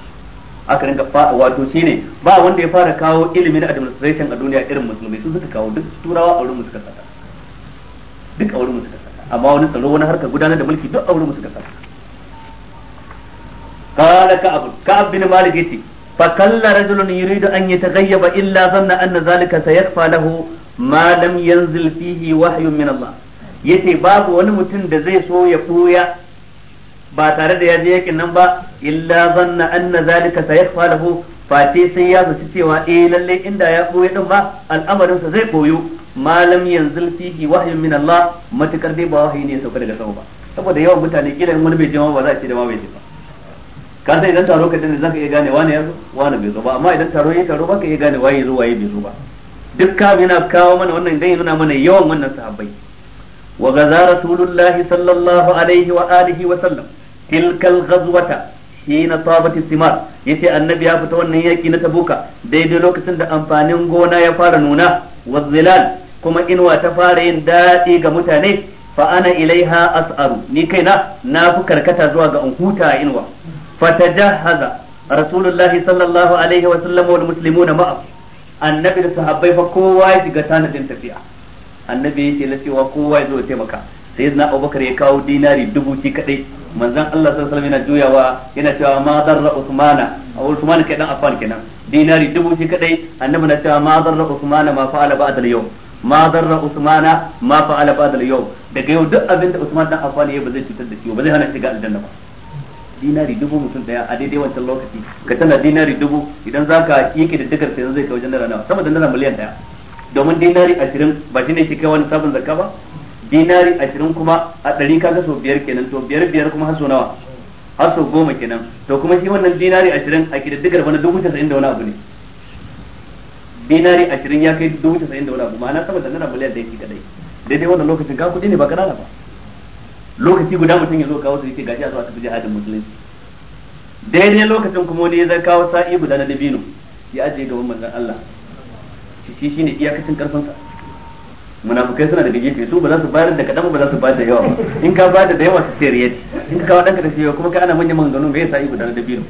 aka rinka fa wato shine ba wanda ya fara kawo ilimin administration a duniya irin musulmi su suka kawo duk turawa a wurin suka sata duk a wurin suka sata amma wani tsaro wani harka gudanar da mulki duk a wurin suka saka قال كعب كعب بن مالك يتي فكل رجل يريد أن يتغيب إلا ظن أن ذلك سيخفى له ما لم ينزل فيه وحي من الله yace babu wani mutum da zai so ya ɓuya ba tare da ya je yakin nan ba illa zanna anna zalika sayakfa lahu fati sai ya zaci cewa eh lalle inda ya koya din ba al'amarin sa zai koyo malam yanzu fihi wahyun min Allah matukar dai ba wahayi ne ya sauka daga sama ba saboda yawan mutane kila in wani bai jima ba za a ce da ma bai je ba ka san idan taro ka dinga zaka iya gane wani ya zo wani bai zo ba amma idan taro ya taro baka iya gane waye zo waye bai zo ba duk ka yana kawo mana wannan dan ya nuna mana yawan wannan sahabbai وغزا رسول الله صلى الله عليه وآله وسلم تلك الغزوة حين طابت الثمار yace annabi ya fita wannan yaki na ta tabuka daidai lokacin da amfanin gona ya fara nuna wa zilal kuma inuwa ta fara yin daɗi ga mutane fa ana ilaiha as'aru ni kaina na fi karkata zuwa ga in huta inuwa fatajahaza rasulullahi sallallahu alaihi wa sallam wal muslimuna ma'a annabi da sahabbai fa kowa ya shiga tanadin tafiya annabi yake na cewa kowa ya zo ya taimaka sai na abubakar ya kawo dinari dubu ki kadai manzon Allah sallallahu alaihi yana juyawa yana cewa ma darra usmana a usmana kai dan afan kenan dinari dubu ki kadai annabi na cewa ma darra usmana ma fa'ala ba'da al-yawm ma darra usmana ma fa'ala ba'da al-yawm daga yau duk abin da usman dan afan ya ba zai cutar da shi ba zai hana shiga aljanna ba dinari dubu mutum daya a daidai wancan lokaci ka tana dinari dubu idan zaka yake da dakar sai zai kai wajen dala nawa sama da dala miliyan daya domin dinari ashirin ba shi ne shi kai wani sabon zakka ba dinari ashirin kuma a ɗari kaga sau biyar kenan to biyar biyar kuma har sau nawa har sau goma kenan to kuma shi wannan dinari ashirin a kididdigar wani dubu casa'in da wani abu ne dinari ashirin ya kai dubu casa'in da wani abu ma'ana sama da naira miliyan ɗaya kadai daidai wannan lokacin ka kuɗi ne ba ƙanana ba lokaci guda mutum ya zo kawo su yake gashi a zuwa tafi jihadin musulunci daidai lokacin kuma wani ya zai kawo sa'i guda na dabino ya ajiye gaban manzon Allah shi shine iyakacin karfin sa munafukai suna daga gefe su ba za su bayar da kadan ba za su bayar da yawa in ka bayar da yawa su sayar yadda in ka kawo danka da yawa kuma ka ana manyan maganganu me yasa yi gudanar da biyu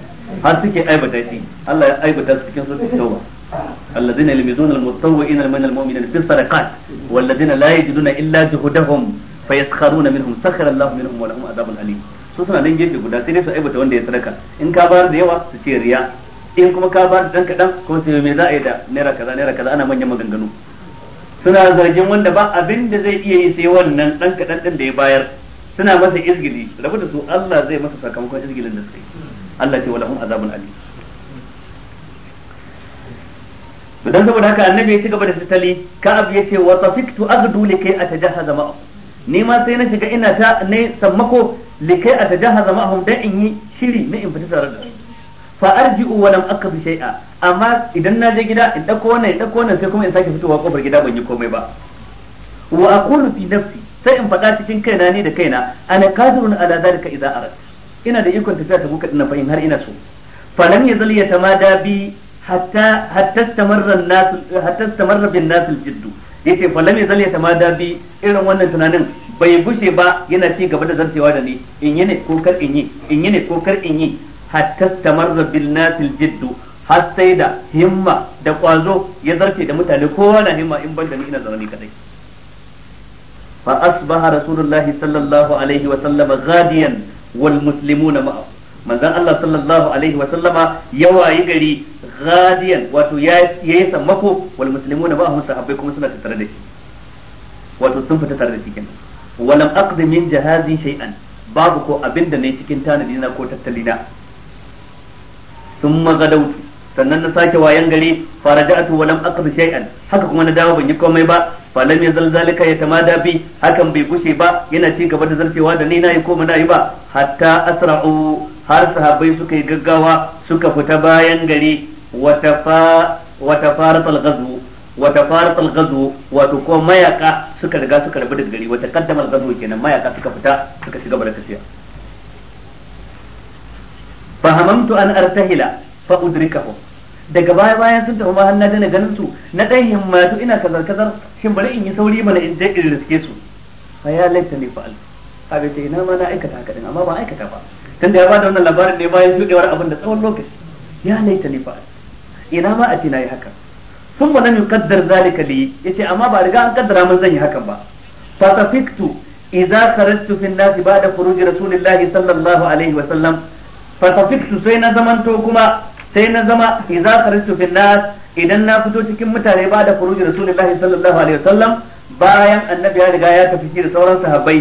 har suke aibata shi Allah ya aibata su cikin suratul tauba الذين يلمزون المتطوعين من المؤمنين في الصدقات والذين لا يجدون الا جهدهم فيسخرون منهم سخر الله منهم ولهم عذاب اليم su suna nan gefe guda sai su aibata wanda ya sadaka in ka bayar da yawa su in kuma ka ba da dan kadan kuma sai me za a yi da naira kaza naira kaza ana manyan maganganu suna zargin wanda ba abin da zai iya yi sai wannan dan kadan din da ya bayar suna masa izgili rabu da su Allah zai masa sakamakon izgilin da suka yi Allah ce walahum azabun alim dan saboda haka annabi ya ci gaba da fitali ka'ab ya ce wa tafiktu aghdu likai atajahaza ma'ahu ni ma sai na shiga ina ta ne sammako likai atajahaza ma'ahum dan in yi shiri na in fita tare da su fa arji'u wa lam fi shay'a amma idan na je gida in dauko wannan in dauko wannan sai kuma in sake fitowa kofar gida ban yi komai ba wa aqulu fi nafsi sai in faɗa cikin kaina ne da kaina ana kadirun ala zalika idza arat ina da ikon tafiya ta buka dinnan fa in har ina so fa lam yazal yatamada bi hatta hatta istamarra an-nas hatta istamarra bin nas al-jidd yace fa lam yazal yatamada irin wannan tunanin bai bushe ba yana ci gaba da zartewa da ni in yi ne ko in yi in yi ne ko kar in yi hatta tamarra bil nasil jiddu har sai da himma da kwazo ya zarce da mutane kowa na himma in banda ni ina zanani kadai fa asbaha rasulullahi sallallahu alaihi wa sallama ghadiyan wal muslimuna ma'ahu manzon Allah sallallahu alaihi wa sallama ya wayi gari ghadiyan wato ya yi sammako wal muslimuna ba'hum sahabbai kuma suna tattare da shi wato sun fita tare da shi kenan walam aqdi min jahazi shay'an babu ko abinda ne cikin tanadi na ko tattalina. sun magadautu sannan na sake wayan gari faraja'atu wa lam aqdi shay'an haka kuma na dawo ban yi komai ba fa lam yazal zalika yatamada bi hakan bai gushe ba yana ci gaba da zartewa da ni na yi ko na yi ba hatta asra'u har sahabbai suka yi gaggawa suka fita bayan gari wa tafa wa tafaratal ghazwu wa tafaratal ghazwu wato ko mayaka suka riga suka rabu da gari wa taqaddamal ghazwu kenan mayaka suka fita suka shiga barkasiya fa hamamtu an artahila fa udrikahu daga baya bayan sun tafi ma na dana ganin su na dan himmatu ina kazar kazar shin bari in yi sauri mana in je in riske su fa ya laita ni fa'al abin da ina ma na aikata haka din amma ba aikata ba tunda ya bada wannan labarin ne bayan shudewar abin da tsawon lokaci ya laita ni fa'al ina ma a ce na yi haka sun ma lam yuqaddar zalika li yace amma ba riga an kaddara mun zan yi hakan ba fa tafiktu idza kharajtu fi an-nas ba'da khuruj rasulillahi sallallahu alaihi wa sallam fasafiktu sai na zamanto kuma sai na zama idza kharajtu fil nas idan na fito cikin mutane ba da furuji rasulullahi sallallahu alaihi wasallam bayan annabi ya riga ya tafi da sauran sahabbai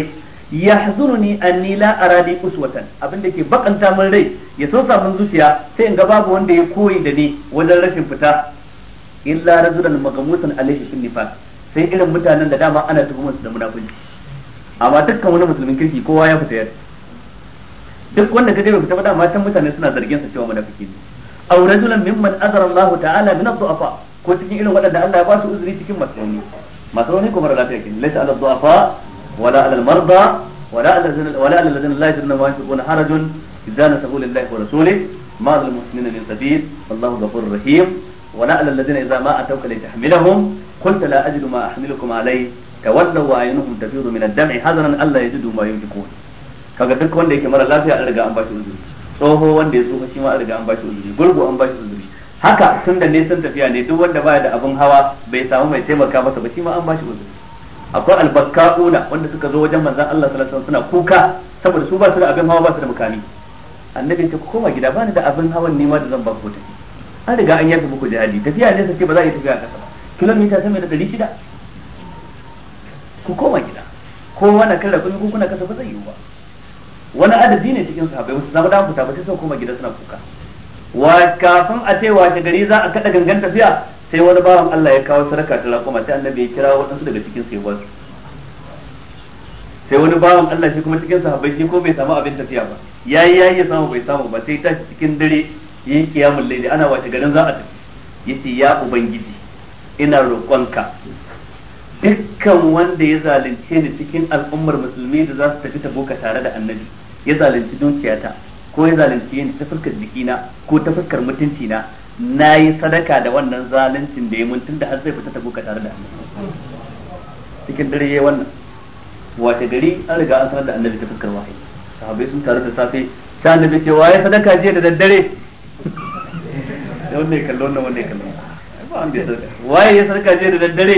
yahzuruni anni la aradi uswatan abinda ke bakanta min rai ya so samun zuciya sai in ga babu wanda ya koyi da ni wajen rashin fita illa rajulan magamusan alaihi fil nifaq sai irin mutanen da dama ana tuhumar su da munafiki amma dukkan wani musulmin kirki kowa ya fita yadda duk wanda kaga bai ta ba ma can mutane suna zargin sa cewa munafiki ne aw rajulan mimman azara Allahu ta'ala min ad-du'afa ko cikin irin waɗanda Allah ya ba su uzuri cikin matsoni masu rauni ko mara lafiya kin laysa ala ad-du'afa wala ala al-marda wala ala wala ala alladhina la yajiduna ma yunfiquna harajun idza nasabu lillahi wa rasulihi ma al muslimina min sabil wallahu ghafurur rahim wala ala ولا ma الذين إذا ما qult la ajidu ma ahmilukum alayhi أحملكم wa ayunuhum وأعينهم min ad-dam'i hadaran ألا yajidu ma ينفقون kaga duk wanda yake mara lafiya an riga an bashi uzuri tsoho wanda ya tsufa shi ma an riga an bashi uzuri gurgu an bashi uzuri haka tun da nisan tafiya ne duk wanda baya da abin hawa bai samu mai taimaka masa ba shi ma an bashi uzuri akwai albakka'una wanda suka zo wajen manzon Allah sallallahu alaihi suna kuka saboda su ba su da abin hawa ba su da mukami annabi ce ku koma gida bani da abin hawan nima da zan ba ku tafi an riga an yafi muku jihadi tafiya ne sai ba za a yi tafiya kasa ba kilomita sama da 600 ku koma gida kowa na kan rabin kuna kasa ba zai yiwu ba wani adadi ne cikin sahabbai wasu samu da fita ba sai suka koma gida suna kuka wa kafin a ce washe gari za a kada gangan tafiya sai wani bawan Allah ya kawo sadaka ta raƙuma sai annabi ya kira waɗansu daga cikin sai wasu sai wani bawan Allah shi kuma cikin sahabbai shi ko bai samu abin tafiya ba yayi yayi ya samu bai samu ba sai tashi cikin dare yin kiyamul laili ana washe garin za a tafi yace ya ubangiji ina roƙonka dukkan wanda ya zalunce ni cikin al'ummar musulmi da za su tafi tabuka tare da annabi ya zalunci dukiyata ko ya zalunci yin ta fuskar jikina ko ta fuskar mutunci na yi sadaka da wannan zaluncin da ya mun da har zai fita ta buka tare da annabi cikin dare yayi wannan wace gari an riga an sanar da annabi ta fuskar wahayi sahabbai sun taru da safe sai annabi ce waye sadaka jiya da daddare da wannan kallo wannan wannan kallo ba an da waye ya sadaka jiya da daddare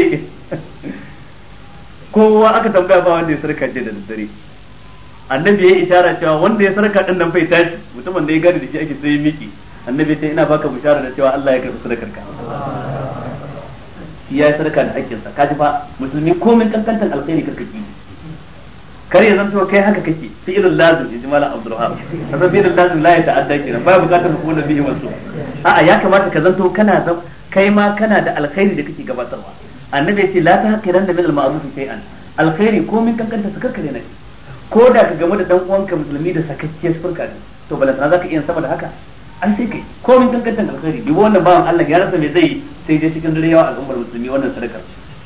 kowa aka tambaya ba wanda ya sadaka jiya da daddare annabi ya ishara cewa wanda ya sarka din nan bai tashi mutumin da ya gane da shi ake sai miki annabi sai ina baka bishara da cewa Allah ya karbi sadakar ka ya sarka da hakkin sa kaji fa musulmi komai kankantan alkhairi karka ki kar ya zanto kai haka kake fi irin lazim ya jimala abdurrahman kaza fi irin lazim la ya ta'adda kenan ba bukatar hukumar bihi wasu a'a ya kamata ka zanto kana kai ma kana da alkhairi da kake gabatarwa annabi ya ce la ta hakiran da min al-ma'ruf shay'an alkhairi komai kankanta sa karka ne ko da ka game da dan uwanka musulmi da sakacciyar a ne to tana zaka iya sama da haka an sai kai komin kankantan alkhairi bi wannan bawan Allah ya rasa me zai yi sai dai cikin dare yawa al'ummar musulmi wannan sadakar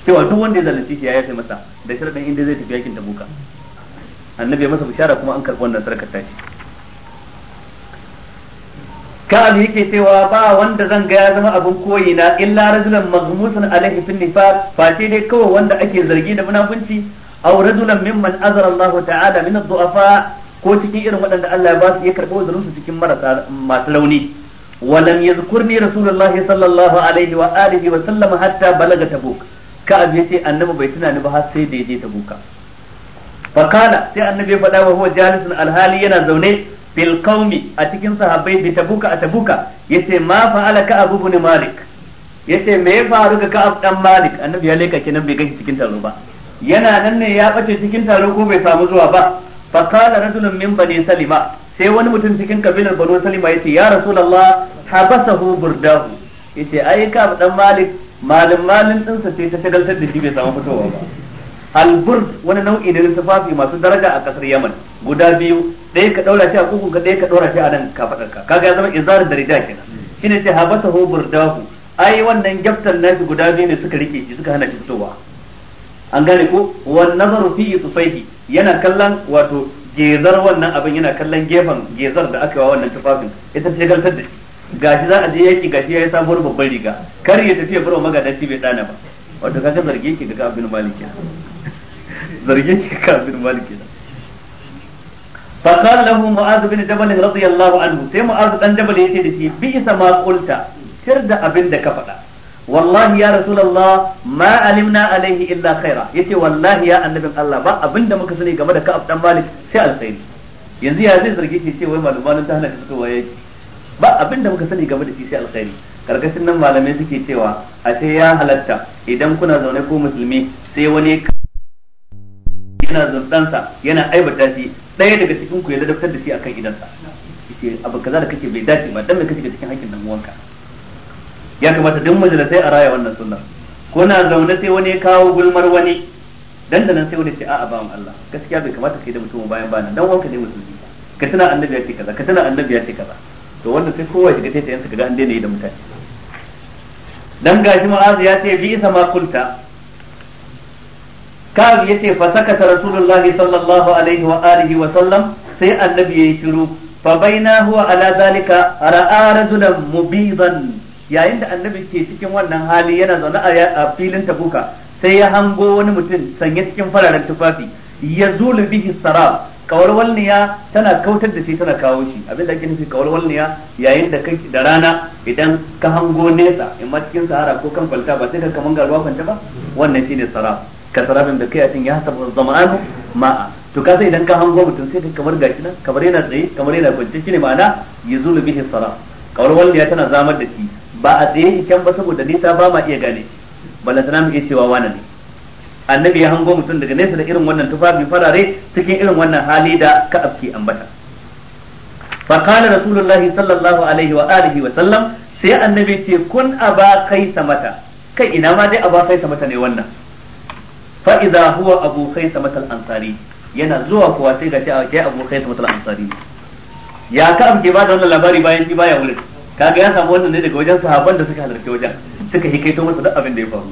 cewa duk wanda ya zalunci shi ya yafe masa da sharadin inda zai tafi yakin tabuka annabi ya masa bishara kuma an karɓi wannan sadakar ta shi ka'ab yake cewa ba wanda zan ga ya zama abin koyi na illa rajulan maghmusun alaihi fil nifaq fa dai kawai wanda ake zargi da munafunci aw rajulan mimman azara Allah ta'ala min ko cikin irin waɗanda Allah ya ba su ya karɓi uzurin su cikin marasa masu rauni walam yadhkurni rasulullahi sallallahu alaihi wa alihi wa hatta balaga tabuk ka abi sai annabi bai tuna ni ba har sai da yaje tabuka fa kana sai annabi ya faɗa wa huwa jalisun alhali yana zaune bilkaumi a cikin sahabbai bi tabuka a tabuka yace ma fa'ala ka abu ibn malik yace me ya faru ga ka'ab dan malik annabi ya leka kenan bai gashi cikin taro ba yana nan ne ya bace cikin taro ko bai samu zuwa ba fa qala rajulun min bani salima sai wani mutum cikin kabilar banu salima yace ya rasulullah habasahu burdahu yace ai ka dan malik malin malin sa sai ta shagaltar da shi bai samu fitowa ba al-burd wani nau'i ne na tufafi masu daraja a kasar yaman guda biyu ɗaya ka ɗaura shi a kukun ka ɗaya ka ɗaura shi a nan ka. kaga ya zama izarin da rida kenan shine ce habasa ho burdahu ai wannan gyaftan nashi guda biyu ne suka rike shi suka hana shi fitowa an gane ko wan nazaru fi tufaihi yana kallon wato gezar wannan abin yana kallon gefen gezar da aka yi wa wannan tufafin ita ce galtar da shi gashi za a je yaki gashi yayi sabuwar babban riga kar ya tafi ya bar wa shi bai dana ba wato ka kaga zarge ki daga abin maliki zarge ki ka abin maliki فقال له معاذ بن جبل رضي الله عنه سيما معاذ بن جبل يتي دشي بئس ما قلت شر da abin da ka faɗa wallahi ya rasulullah ma alimna alaihi illa khaira yace wallahi ya annabi Allah ba abinda muka sani game da Ka'ab dan Malik sai alkhairi yanzu ya zai zargi shi sai wai malumanin ta hana su waye yaki ba abinda muka sani game da shi sai alkhairi karkashin nan malamai suke cewa a sai ya halatta idan kuna zaune ko musulmi sai wani yana zuntansa yana aibata shi ɗaya daga cikin ku ya ladabtar da shi akan idansa yace abu kaza da kake bai dace ba dan me kake cikin hakkin dan uwanka ya kamata duk majalisai a raya wannan sunna ko na zaune sai wani ya kawo gulmar wani dan da nan sai wani ce a'a bawan Allah gaskiya bai kamata kai da mutum bayan bana dan wanka ne musulmi ka tana annabi ya ce kaza ka tana annabi ya ce kaza to wannan sai kowa shiga taita yansa kaga an daina yi da mutane dan gashi mu'azu ya ce bi isa ma kunta kabi yace fa sakata rasulullahi sallallahu alaihi wa alihi wa sallam sai annabi yayi shiru fa baina huwa ala zalika ra'a rajulan mubidan yayin da annabi ke cikin wannan hali yana zaune a filin tabuka sai ya hango wani mutum sanye cikin fararen tufafi ya zulu bihi sarab walniya tana kautar da shi tana kawo shi abin da ake nufi walniya yayin da kai da rana idan ka hango nesa in ma cikin sahara ko kan kwalta ba sai ka kaman garuwa kwanta ba wannan shine sarab ka sarabin da kai a cikin ya hasa zama'anu ma'a to ka sai idan ka hango mutum sai ka kamar gashi nan kamar yana tsaye kamar yana kwance shine ma'ana yazulu bihi sarab walniya tana zamar da shi ba a tsaye shi can ba saboda nisa ba ma iya gane ballantana mu muke cewa wane ne annabi ya hango mutum daga nesa da irin wannan tufafi farare cikin irin wannan hali da ka afki ambata fa qala rasulullahi sallallahu alaihi wa alihi wa sallam sai annabi ce kun aba kai samata kai ina ma dai aba kai samata ne wannan fa idza huwa abu kai samata al-ansari yana zuwa kuwa sai ga shi abu kai samata al-ansari ya ka amke ba da wannan labari bayan shi baya wurin kaga ya samu wannan ne daga wajen sahabban da suka halarci wajen suka hikaito masa duk abin da ya faru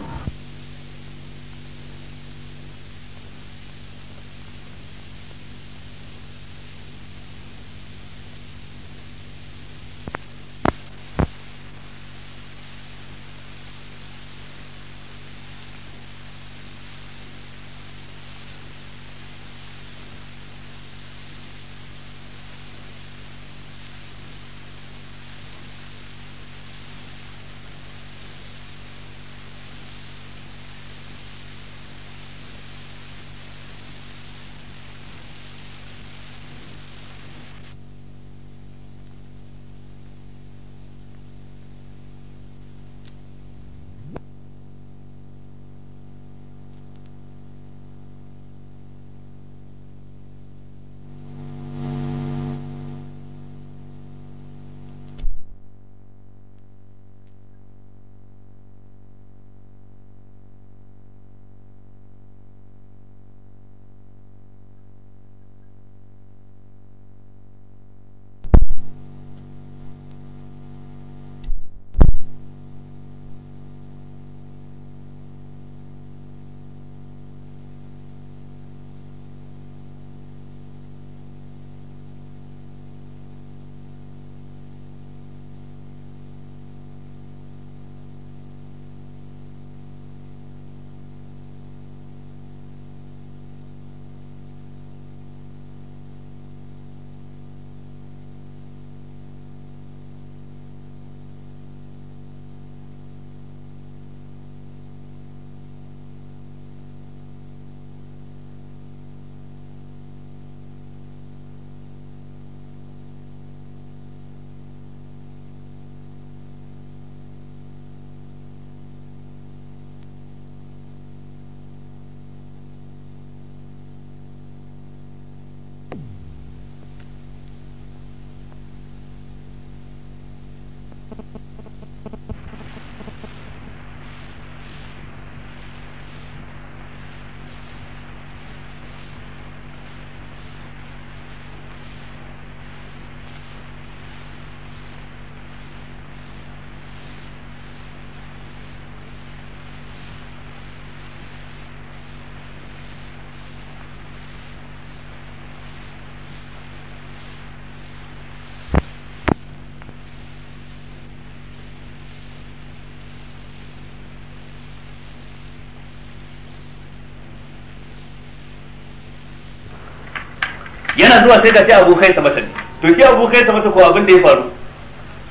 yana zuwa sai gashi Abu kai mata to shi Abu kai mata ko abin da ya faru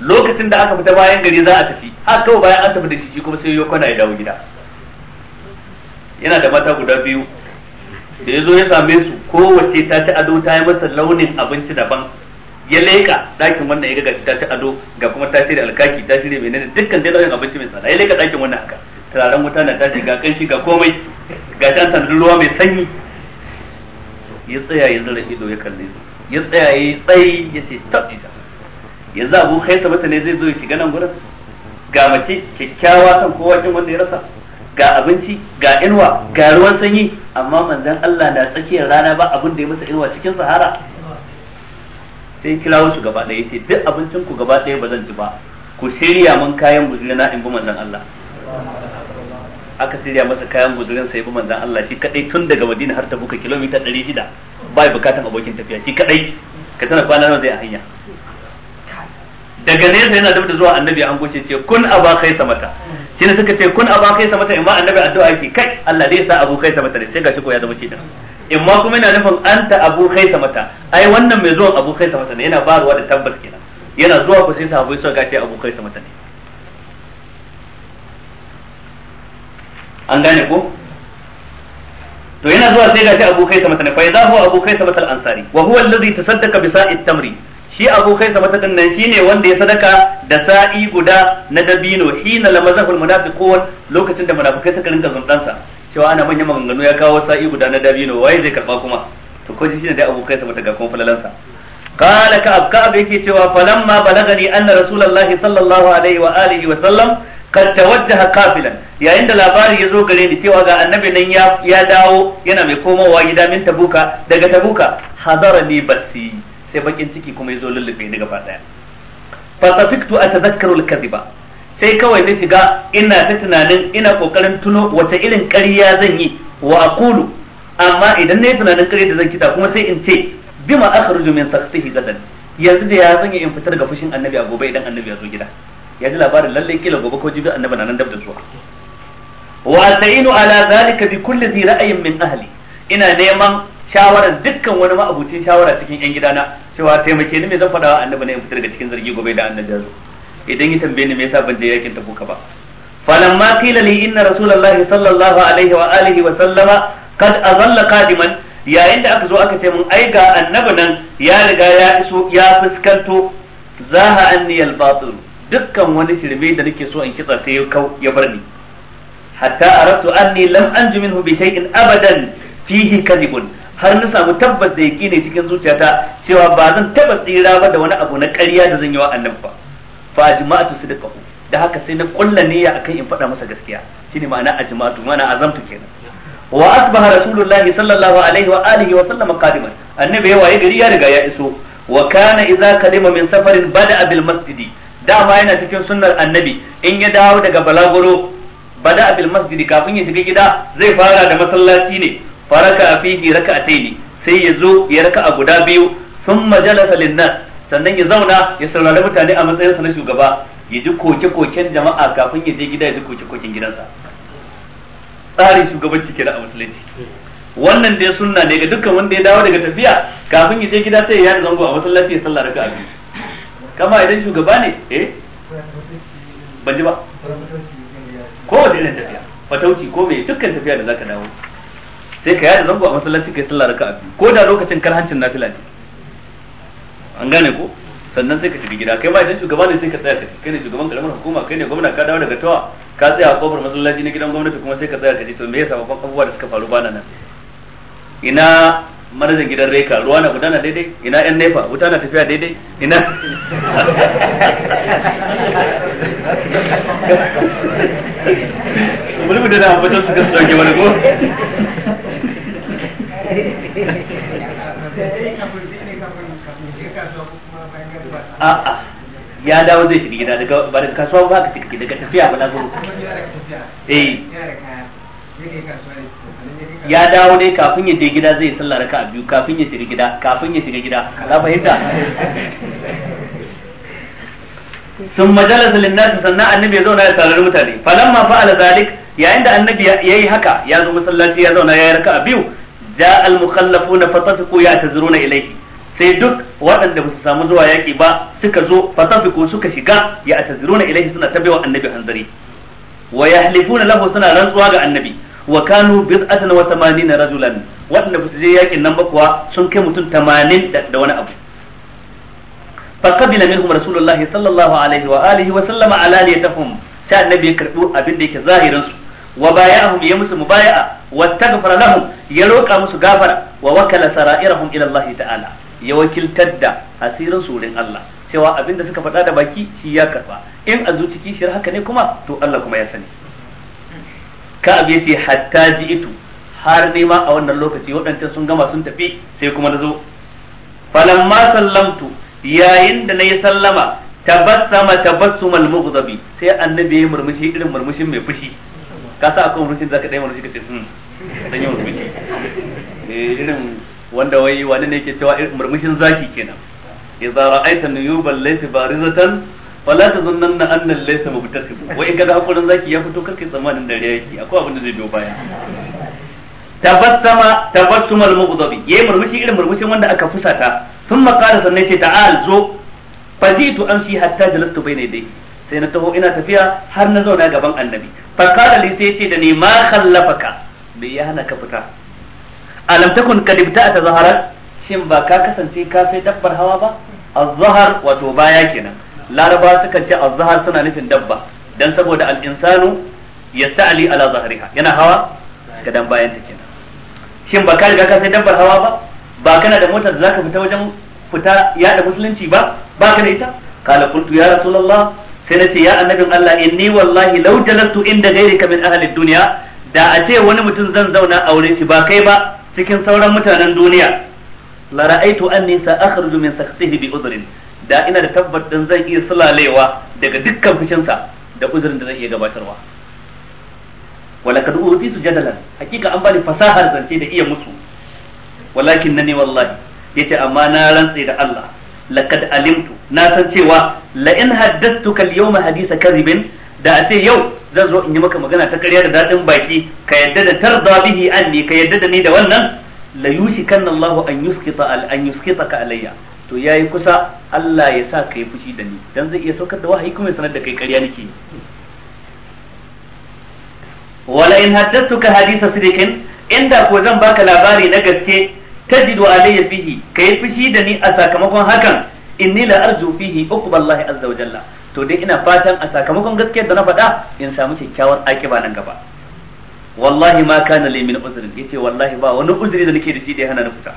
lokacin da aka fita bayan gari za a tafi ha kawai bayan an tafi da shi kuma sai y'o kwana ya dawo gida yana da mata guda biyu da ya zo ya same su kowace ta ci ado ta yi masa launin abinci daban ya leƙa ɗakin wannan ya ga ta ci ado ga kuma ta shirya alkaki ta shirya menene dukkan dai launin abinci mai tsada ya leƙa ɗakin wannan haka turaren mutanen na shiga ga kanshi ga komai ga shan sandan ruwa mai sanyi ya tsaya ya zura ido ya kalle su ya tsaya ya tsayi ya ce tab ita yanzu abu kai mata ne zai zo ya shiga nan gurin ga mace kyakkyawa kan kowa kin wanda ya rasa ga abinci ga inuwa ga ruwan sanyi amma manzon Allah na tsakiyar rana ba abin da ya masa inuwa cikin sahara sai kirawo su gaba ɗaya ce duk abincin ku gaba ɗaya ba zan ci ba ku shirya mun kayan guzuri in bi manzon Allah aka shirya masa kayan guzurin sai bi manzon Allah shi kadai tun daga Madina har Tabuka kilomita 600 bai bukatan abokin tafiya shi kadai ka tana kwana nawa zai a hanya daga sai yana da zuwa annabi an goce ce kun aba kai samata shi ne suka ce kun aba kai samata in ma annabi addu'a yake kai Allah zai sa abu kai samata ne sai gashi ko ya zama cikin in ma kuma yana nufin anta abu kai samata ai wannan mai zuwa abu kai samata ne yana barwa da tabbas kenan yana zuwa ku sai sahabbai suka gashi abu kai samata ne an gane ko to yana zuwa sai gashi Abu Kaisama ne fa idza huwa Abu Kaisama al-Ansari wa huwa alladhi tasaddaka bi sa'i tamri shi Abu Kaisama din nan shine wanda ya sadaka da sa'i guda na dabino hina lamazahul munafiqun lokacin da munafikai suka rinka zuntansa cewa ana manyan maganganu ya kawo sa'i guda na dabino waye zai karba kuma to ko shine dai Abu Kaisama ga kuma falalansa قال كعب كعب yake cewa falamma balagani anna rasulullahi sallallahu alaihi wa alihi wa sallam kad tawajjaha kafilan, yayin da labari ya zo gare ni cewa ga annabi nan ya ya dawo yana mai komowa gida min tabuka daga tabuka hadara ni basi sai bakin ciki kuma ya zo lullube ni gaba daya fa tafiktu atadhakkaru al sai kawai na shiga ina ta tunanin ina kokarin tuno wata irin ƙarya zan yi wa aqulu amma idan na yi tunanin ƙarya da zan kita kuma sai in ce bima akhruju min sakhsihi gadan yanzu da ya zan yi in fitar ga fushin annabi a gobe idan annabi ya zo gida ya ji labarin lalle kila gobe ko jibi annabi nan dab da zuwa wa ta'inu ala zalika bi kulli zi ra'ayin min ahli ina neman shawaran dukkan wani ma'abucin shawara cikin yan gidana cewa taimake ni me zan fada wa annabi ne fitar daga cikin zargi gobe da annabi zo idan ya tambaye ni me yasa ban je yakin tabuka ba falamma qila li inna rasulullahi sallallahu alaihi wa alihi wa sallama kad azalla qadiman yayin da aka zo aka ce mun ai ga annabi nan ya riga ya iso ya fuskanto zaha anni al-batil dukkan wani shirme da nake so in kitsa sai ya kau ya bar ni hatta aratu anni lam anju minhu bi shay'in abadan fihi kadhibun har na samu tabbas da yaki ne cikin zuciyata cewa ba zan taba tsira ba da wani abu na ƙarya da zan yi wa annabi ba fa ajma'atu sidqahu da haka sai na kulla niyya akan in faɗa masa gaskiya shine ma'ana ajma'atu ma'ana azamtu kenan wa asbaha rasulullahi sallallahu alaihi wa alihi wa sallama qadiman annabi ya waye gari ya riga ya iso wa kana idza kalima min safarin bada'a bil masjidi dama yana cikin sunnar annabi in ya dawo daga balaguro bada filmas masjidi kafin ya shiga gida zai fara da masallaci ne faraka fihi raka'ataini sai ya zo ya raka a guda biyu sun jalasa linnas sannan ya zauna ya saurari mutane a matsayinsa na shugaba ya ji koke-koken jama'a kafin ya je gida ya ji koke-koken gidansa tsarin shugabanci kira a musulunci wannan dai sunna ne ga dukkan wanda ya dawo daga tafiya kafin ya je gida sai ya yi zango a masallaci ya sallah a biyu kama idan shugaba ne eh ban ji ba ko wace irin tafiya fatauci ko me dukkan tafiya da zaka dawo sai ka yada zango a masallaci kai sallah raka'a biyu ko da lokacin karhancin nafila ne an gane ko sannan sai ka shiga gida kai ma idan shugaba ne sai ka tsaya kai ne shugaban karamar hukuma kai ne gwamna ka dawo daga tawa ka tsaya a kofar masallaci na gidan gwamnati kuma sai ka tsaya ka ji to me yasa babban abubuwa da suka faru bana nan ina manajan gidan reka ruwa na gudana daidai ina yan nefa wuta na tafiya daidai ina wani mu dana ambatar su kan sauke wani ko a'a ya dawo zai shiga gida daga ba daga kasuwa ba ka shiga daga tafiya ba na zo eh ya dawo dai kafin ya je gida zai sallah raka biyu kafin ya shiga gida kafin ya shiga gida ka fahimta sun majalasa linnasi sannan annabi ya zauna ya tarari mutane falamma fa'ala zalik yayin da annabi yayi haka ya zo masallaci ya zauna ya raka raka'a biyu ja al mukhallafuna fatafiqu tazuruna ilayhi sai duk waɗanda su samu zuwa yaki ba suka zo fatafiqu suka shiga ya tazuruna ilayhi suna tabewa annabi hanzari wa yahlifuna lahu suna rantsuwa ga annabi wa kanu bid'atan wa 80 rajulan wanda ba su je yakin nan ba kuwa sun kai mutum 80 da wani abu fa qabila minhum rasulullahi sallallahu alaihi wa alihi wa sallama alaniyatahum sai annabi ya karbu abin da yake zahirin su wa baya'ahum ya musu mubaya'a wa taghfara lahum ya roka musu gafara wa wakala sara'irahum ila Allah ta'ala ya wakiltar da asirin surin Allah cewa abin da suka faɗa da baki shi ya karba in a zuci kishiyar haka ne kuma to Allah kuma ya sani ka'ab yace hatta ji itu har ne ma a wannan lokaci waɗancan sun gama sun tafi sai kuma nazo falamma sallamtu yayin da yi sallama tabassama tabassumal mughdabi sai annabi ya murmushi irin murmushin mai fushi ka sa akwai murmushin zaka dai murmushi kace hmm dan yi murmushi eh, irin wanda wai wani ne yake cewa murmushin zaki kenan idza ra'aita nuyuban laysa barizatan fala ta zannan na annan laysa mubtasib wa in kada hakurin zaki ya fito karkai tsammanin dariya yake akwai abin da zai biyo baya tabassama tabassumal mughdabi yayi murmushi irin murmushin wanda aka fusata sun qala sannan ce ta'al zo fajitu amshi hatta jalastu bayna yadayhi sai na taho ina tafiya har na zauna gaban annabi fa qala li sai ce da ni ma khallafaka me ya hana ka fita alam takun kad ibta'ata shin ba ka kasance ka sai dabbar hawa ba az-zahar wato baya kenan laraba sukan ce az-zahar suna nufin dabba dan saboda al-insanu yasta'li ala zahriha yana hawa gadan bayan ta kenan shin ba ka riga ka sai dabbar hawa ba ba kana da motar da zaka fita wajen fita ya da musulunci ba ba ka da ita kala kuntu ya rasulullah sai nace ya annabin Allah inni wallahi law jalastu inda ghayrika min ahli dunya da a ce wani mutum zan zauna a wurin shi ba kai ba cikin sauran mutanen duniya la ra'aitu anni sa akhruju min sakhsihi bi udhrin da ina da tabbat din zan iya sulalewa daga dukkan fushinsa da uzurin da zan iya gabatarwa walakad utitu jadalan hakika an bani fasahar zance da iya musu walakin nani wallahi yace amma na rantse da Allah lakad alimtu na san cewa la in haddathtuka al-yawma hadisa kadhibin da a yau zan zo in yi maka magana ta ƙarya da daɗin baki ka yadda da tarda bihi anni ka yadda da ni da wannan la yushikanna Allahu an yuskita an yuskita ka alayya to ya yi kusa Allah ya sa ka yi fushi da ni Don zai iya saukar da wahayi kuma ya sanar da kai ƙarya nake wala in ka hadisa sidikin inda ko zan baka labari na gaske tajidu alayya fihi yi fushi da ni a sakamakon hakan inni la arju fihi uqballahi azza wa jalla to dai ina fatan a sakamakon gaskiyar da na faɗa in samu kyakkyawar akiba nan gaba wallahi ma kana li min uzrin yace wallahi ba wani uzuri da nake da shi da ya hana na fita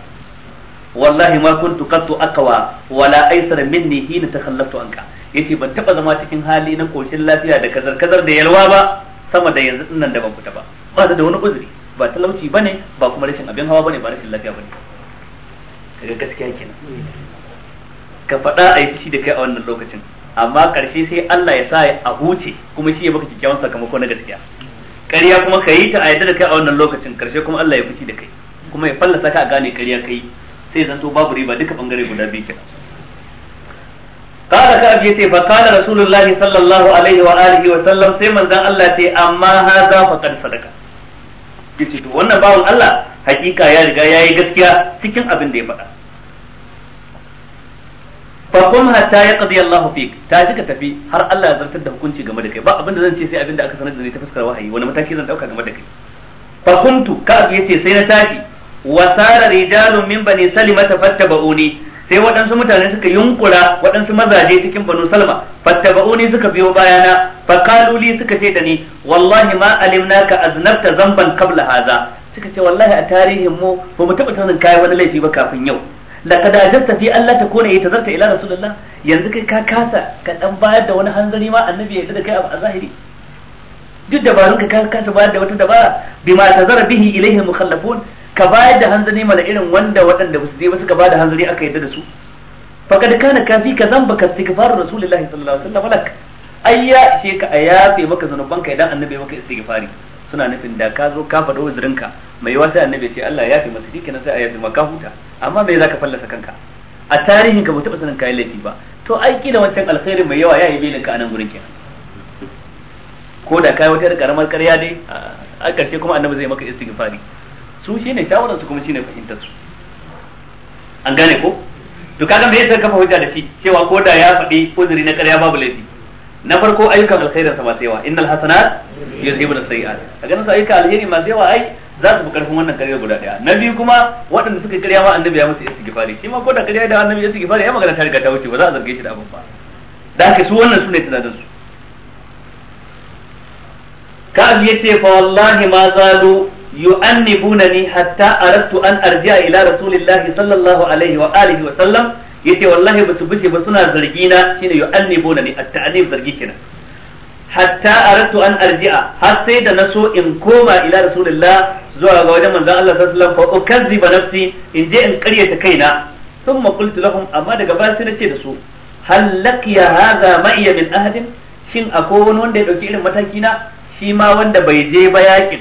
wallahi ma kuntu qattu akwa wala aysara minni hina takhallaftu anka yace ban taba zama cikin hali na koshin lafiya da kazar kazar da yalwa ba sama da yanzu dinnan da ban fita ba ba da wani uzuri ba talauci bane ba kuma rashin abin hawa bane ba rashin lafiya bane kaga gaskiya kenan ka faɗa a yi da kai a wannan lokacin amma karshe sai Allah ya sa a huce kuma shi ya baka kikkiawan sakamako na gaskiya ƙarya kuma ka yi ta a yadda da kai a wannan lokacin karshe kuma Allah ya fushi da kai kuma ya fallasa ka a gane ƙarya kai sai to babu riba duka bangare guda biyu kenan قال كعب يتي فقال rasulullahi sallallahu alaihi wa alihi wa sallam sai manzon Allah ce amma fa kad sadaka kici to wannan bawon Allah hakika ya riga yayi gaskiya cikin abin da ya faɗa fa kun hatta qadi Allah fik ta ji ka tafi har Allah ya zartar da hukunci game da kai ba abin da zan ce sai abin da aka sanar da ni ta fuskar wahayi wani mataki zan dauka game da kai fa kuntu ka'ab ce sai na tashi wa sara rijalun min bani salima fattabauni sai waɗansu mutane suka yunkura waɗansu mazaje cikin banu salma fattaba'uni suka biyo bayana fakaluli suka ce da ni wallahi ma alimnaka aznabta zamban qabla haza suka ce wallahi a tarihin mu ba mu taɓa sanin kai wani laifi ba kafin yau da laqad ajarta fi Allah ta kone ita zarta ila rasulullah yanzu kai ka kasa ka dan bayar da wani hanzari ma annabi ya da kai a zahiri duk dabarun ka kasa bayar da wata dabara bima tazara bihi ilaihi mukhallafun ka bayar da hanzari mana irin wanda waɗanda ba su je ba suka bada hanzari aka yadda da su faqad kana kafi ka zamba ka istighfar rasulullahi sallallahu alaihi wasallam lak ya ce ka yafe maka zanuban ka idan annabi maka istighfari suna nufin da ka zo ka faɗo uzurinka mai yawa sai annabi ce Allah ya fi shi kenan sai a yafe maka huta amma me za ka fallasa kanka a tarihin ka ba taɓa sanin kayan laifi ba to ai kila wancan alkhairi mai yawa ya yi belin ka a nan gurin kenan ko da kai wata karamar karya dai a ƙarshe kuma annabi zai maka istighfari su shine shawaran su kuma shine fahimtar su an gane ko to kaga me yasa kafa hujja da shi cewa ko da ya faɗi uzuri na ƙarya babu laifi na farko ayyukan alkhairi sa masu yawa innal hasanat as sayiat a ganin su ayyukan alheri masu yawa ai za su fi karfin wannan ƙarya guda ɗaya na biyu kuma waɗanda suka ƙarya ma annabi ya musu istighfari shi ma ko da ƙarya da annabi ya istighfari ya magana ta riga ta wuce ba za a zarge shi da abin ba da haka su wannan su ne tunanin su ka'ab ce fa wallahi ma zalu yu'annibunani hatta aradtu an arji'a ila rasulillahi sallallahu alaihi wa alihi wa sallam yace wallahi ba su bushe ba suna zargi na shine yu'annibunani at-ta'nib zargi kenan hatta aradtu an arji'a har sai da naso in koma ila rasulillah zuwa ga wajen manzon Allah sallallahu alaihi wa sallam fa ukazziba nafsi in je in karyata kaina ثم قلت لهم amma daga baya sai nace da su hal laqiya hadha ma'iya min ahadin shin akwai wani wanda ya dauki irin mataki na shi ma wanda bai je ba yakin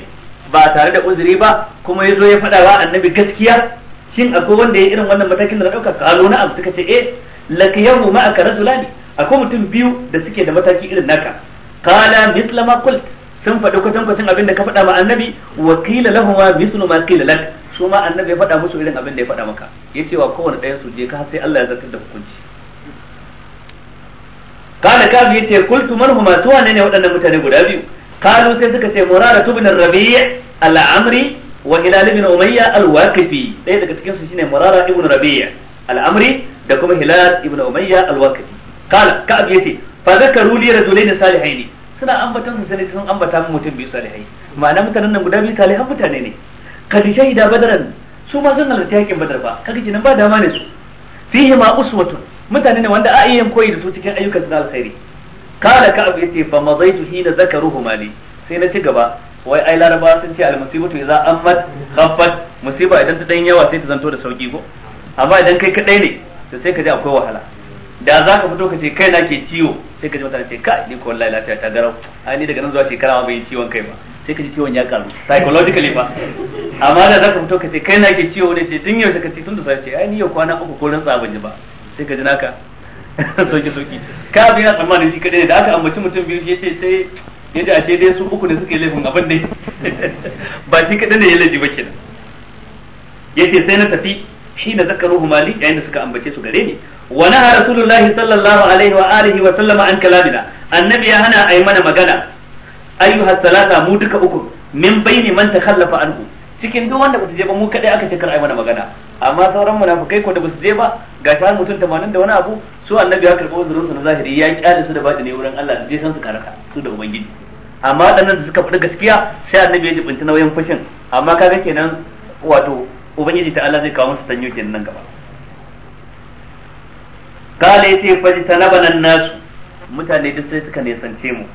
ba tare da uzuri ba kuma ya zo ya faɗa wa annabi gaskiya shin akwai wanda ya irin wannan matakin da na ɗauka kalo na abu suka ce eh mu ma aka rajulani akwai mutum biyu da suke da mataki irin naka kala mithla ma qult sun faɗi kwatan kwatan abin da ka faɗa ma annabi wa qila lahum ma mithlu lak su ma annabi ya faɗa musu irin abin da ya faɗa maka Ya ce wa kowane ɗayan su je ka sai Allah ya zartar da hukunci Kana kafi yace qultu man huma ne wane ne waɗannan mutane guda biyu kalu sai suka ce murara ibn rabi' al-amri wa hilal ibn al-waqifi daga cikin su shine murara ibn rabi' al-amri da kuma hilal ibn umayya al-waqifi kala ka abi yace fa zakaru li rajulain salihain suna ambatan su sai sun mutum biyu salihai ma'ana mutanen guda biyu salihan mutane ne kad shahida badran su ma sun yakin badar ba kaga kinan ba dama ne su mutane ne wanda a iya koyi da su cikin ayyukan su na kala abu yace fa mazaitu hina zakaruhuma mali sai na ci gaba wai ai laraba sun ce al musibatu idza ammat khaffat musiba idan ta dan yawa sai ta zanto da sauki ko amma idan kai kadai ne to sai ka ji akwai wahala da za ka fito ka ce kai na ke ciwo sai ka ji mutane ce kai ni ko wallahi lafiya ta garau ai ni daga nan zuwa shekara ma bai ciwon kai ba sai ka ji ciwon ya karu psychologically fa amma da za ka fito ka ce kai na ke ciwo ne ce tun yaushe ka ce tun da sai ce ai ni yau kwana uku ko ran tsabin ba sai ka ji naka soki soki ka bi na tsammanin shi kadai da aka ambaci mutum biyu shi yace sai yace a ce dai su uku ne suka yi laifin abin dai ba shi kadai ne ya laifi ba kenan yace sai na tafi shi na zakaruhu mali yayin da suka ambace su gare ni wa naha rasulullahi sallallahu alaihi wa alihi wa sallama an kalamina annabi ya hana ayi mana magana ayyuha salata mu duka uku min baini man takhallafa anhu cikin duk wanda bata je ba mu kadai aka ce kar ayi mana magana amma sauran munafikai ko da basu je ba ga ta mutum tamanin da wani abu su annabi ya karɓi uzurin su na zahiri ya kyale su da baɗi ne wurin Allah je san su karaka su da ubangiji amma dan da suka faɗi gaskiya sai annabi ya jibinta nauyin fushin amma kaga kenan wato ubangiji ta Allah zai kawo musu sanyo kenan nan gaba kale yace faji tanabanan nasu mutane duk sai suka nesance mu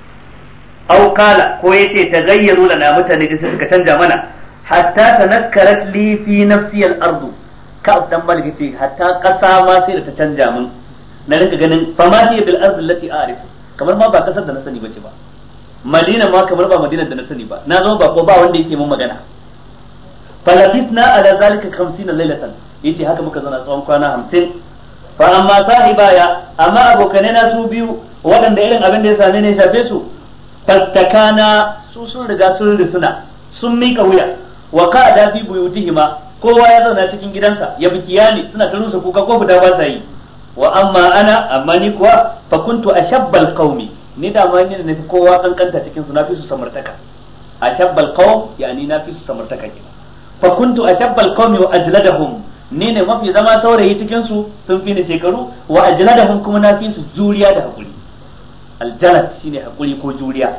au kala ko yace tagayyaru lana mutane duk sai suka canja mana hatta tanakkarat li fi nafsi al-ardu ka'ab dan malik yace hatta kasa ma sai da ta canja mun na rinka ganin fama hiya bil ardi allati a'rifu kamar ma ba kasar da na sani bace ba madina ma kamar ba madina da na sani ba na zama ba ko ba wanda yake mun magana na ala zalika 50 lailatan yace haka muka na tsawon kwana 50 fa amma sahiba ya amma abokanai na su biyu waɗanda irin abin da ya same ne shafe su fattakana su sun riga sun risuna sun mika wuya wa qa'ada fi buyutihima kowa ya zauna cikin gidansa ya bi kiyami suna ta rusa kuka ko fita ba sa yi wa amma ana amma ni kuwa fa kuntu ashabbal qaumi ni da ma ni ne fi kowa kankanta cikin su na fi su samartaka ashabbal qaum yani na fi su samartaka ke fa kuntu ashabbal qaumi wa ajladahum ni ne mafi zama saurayi cikin su sun fi ni shekaru wa ajladahum kuma na fi su juriya da hakuri aljalat shine hakuri ko juriya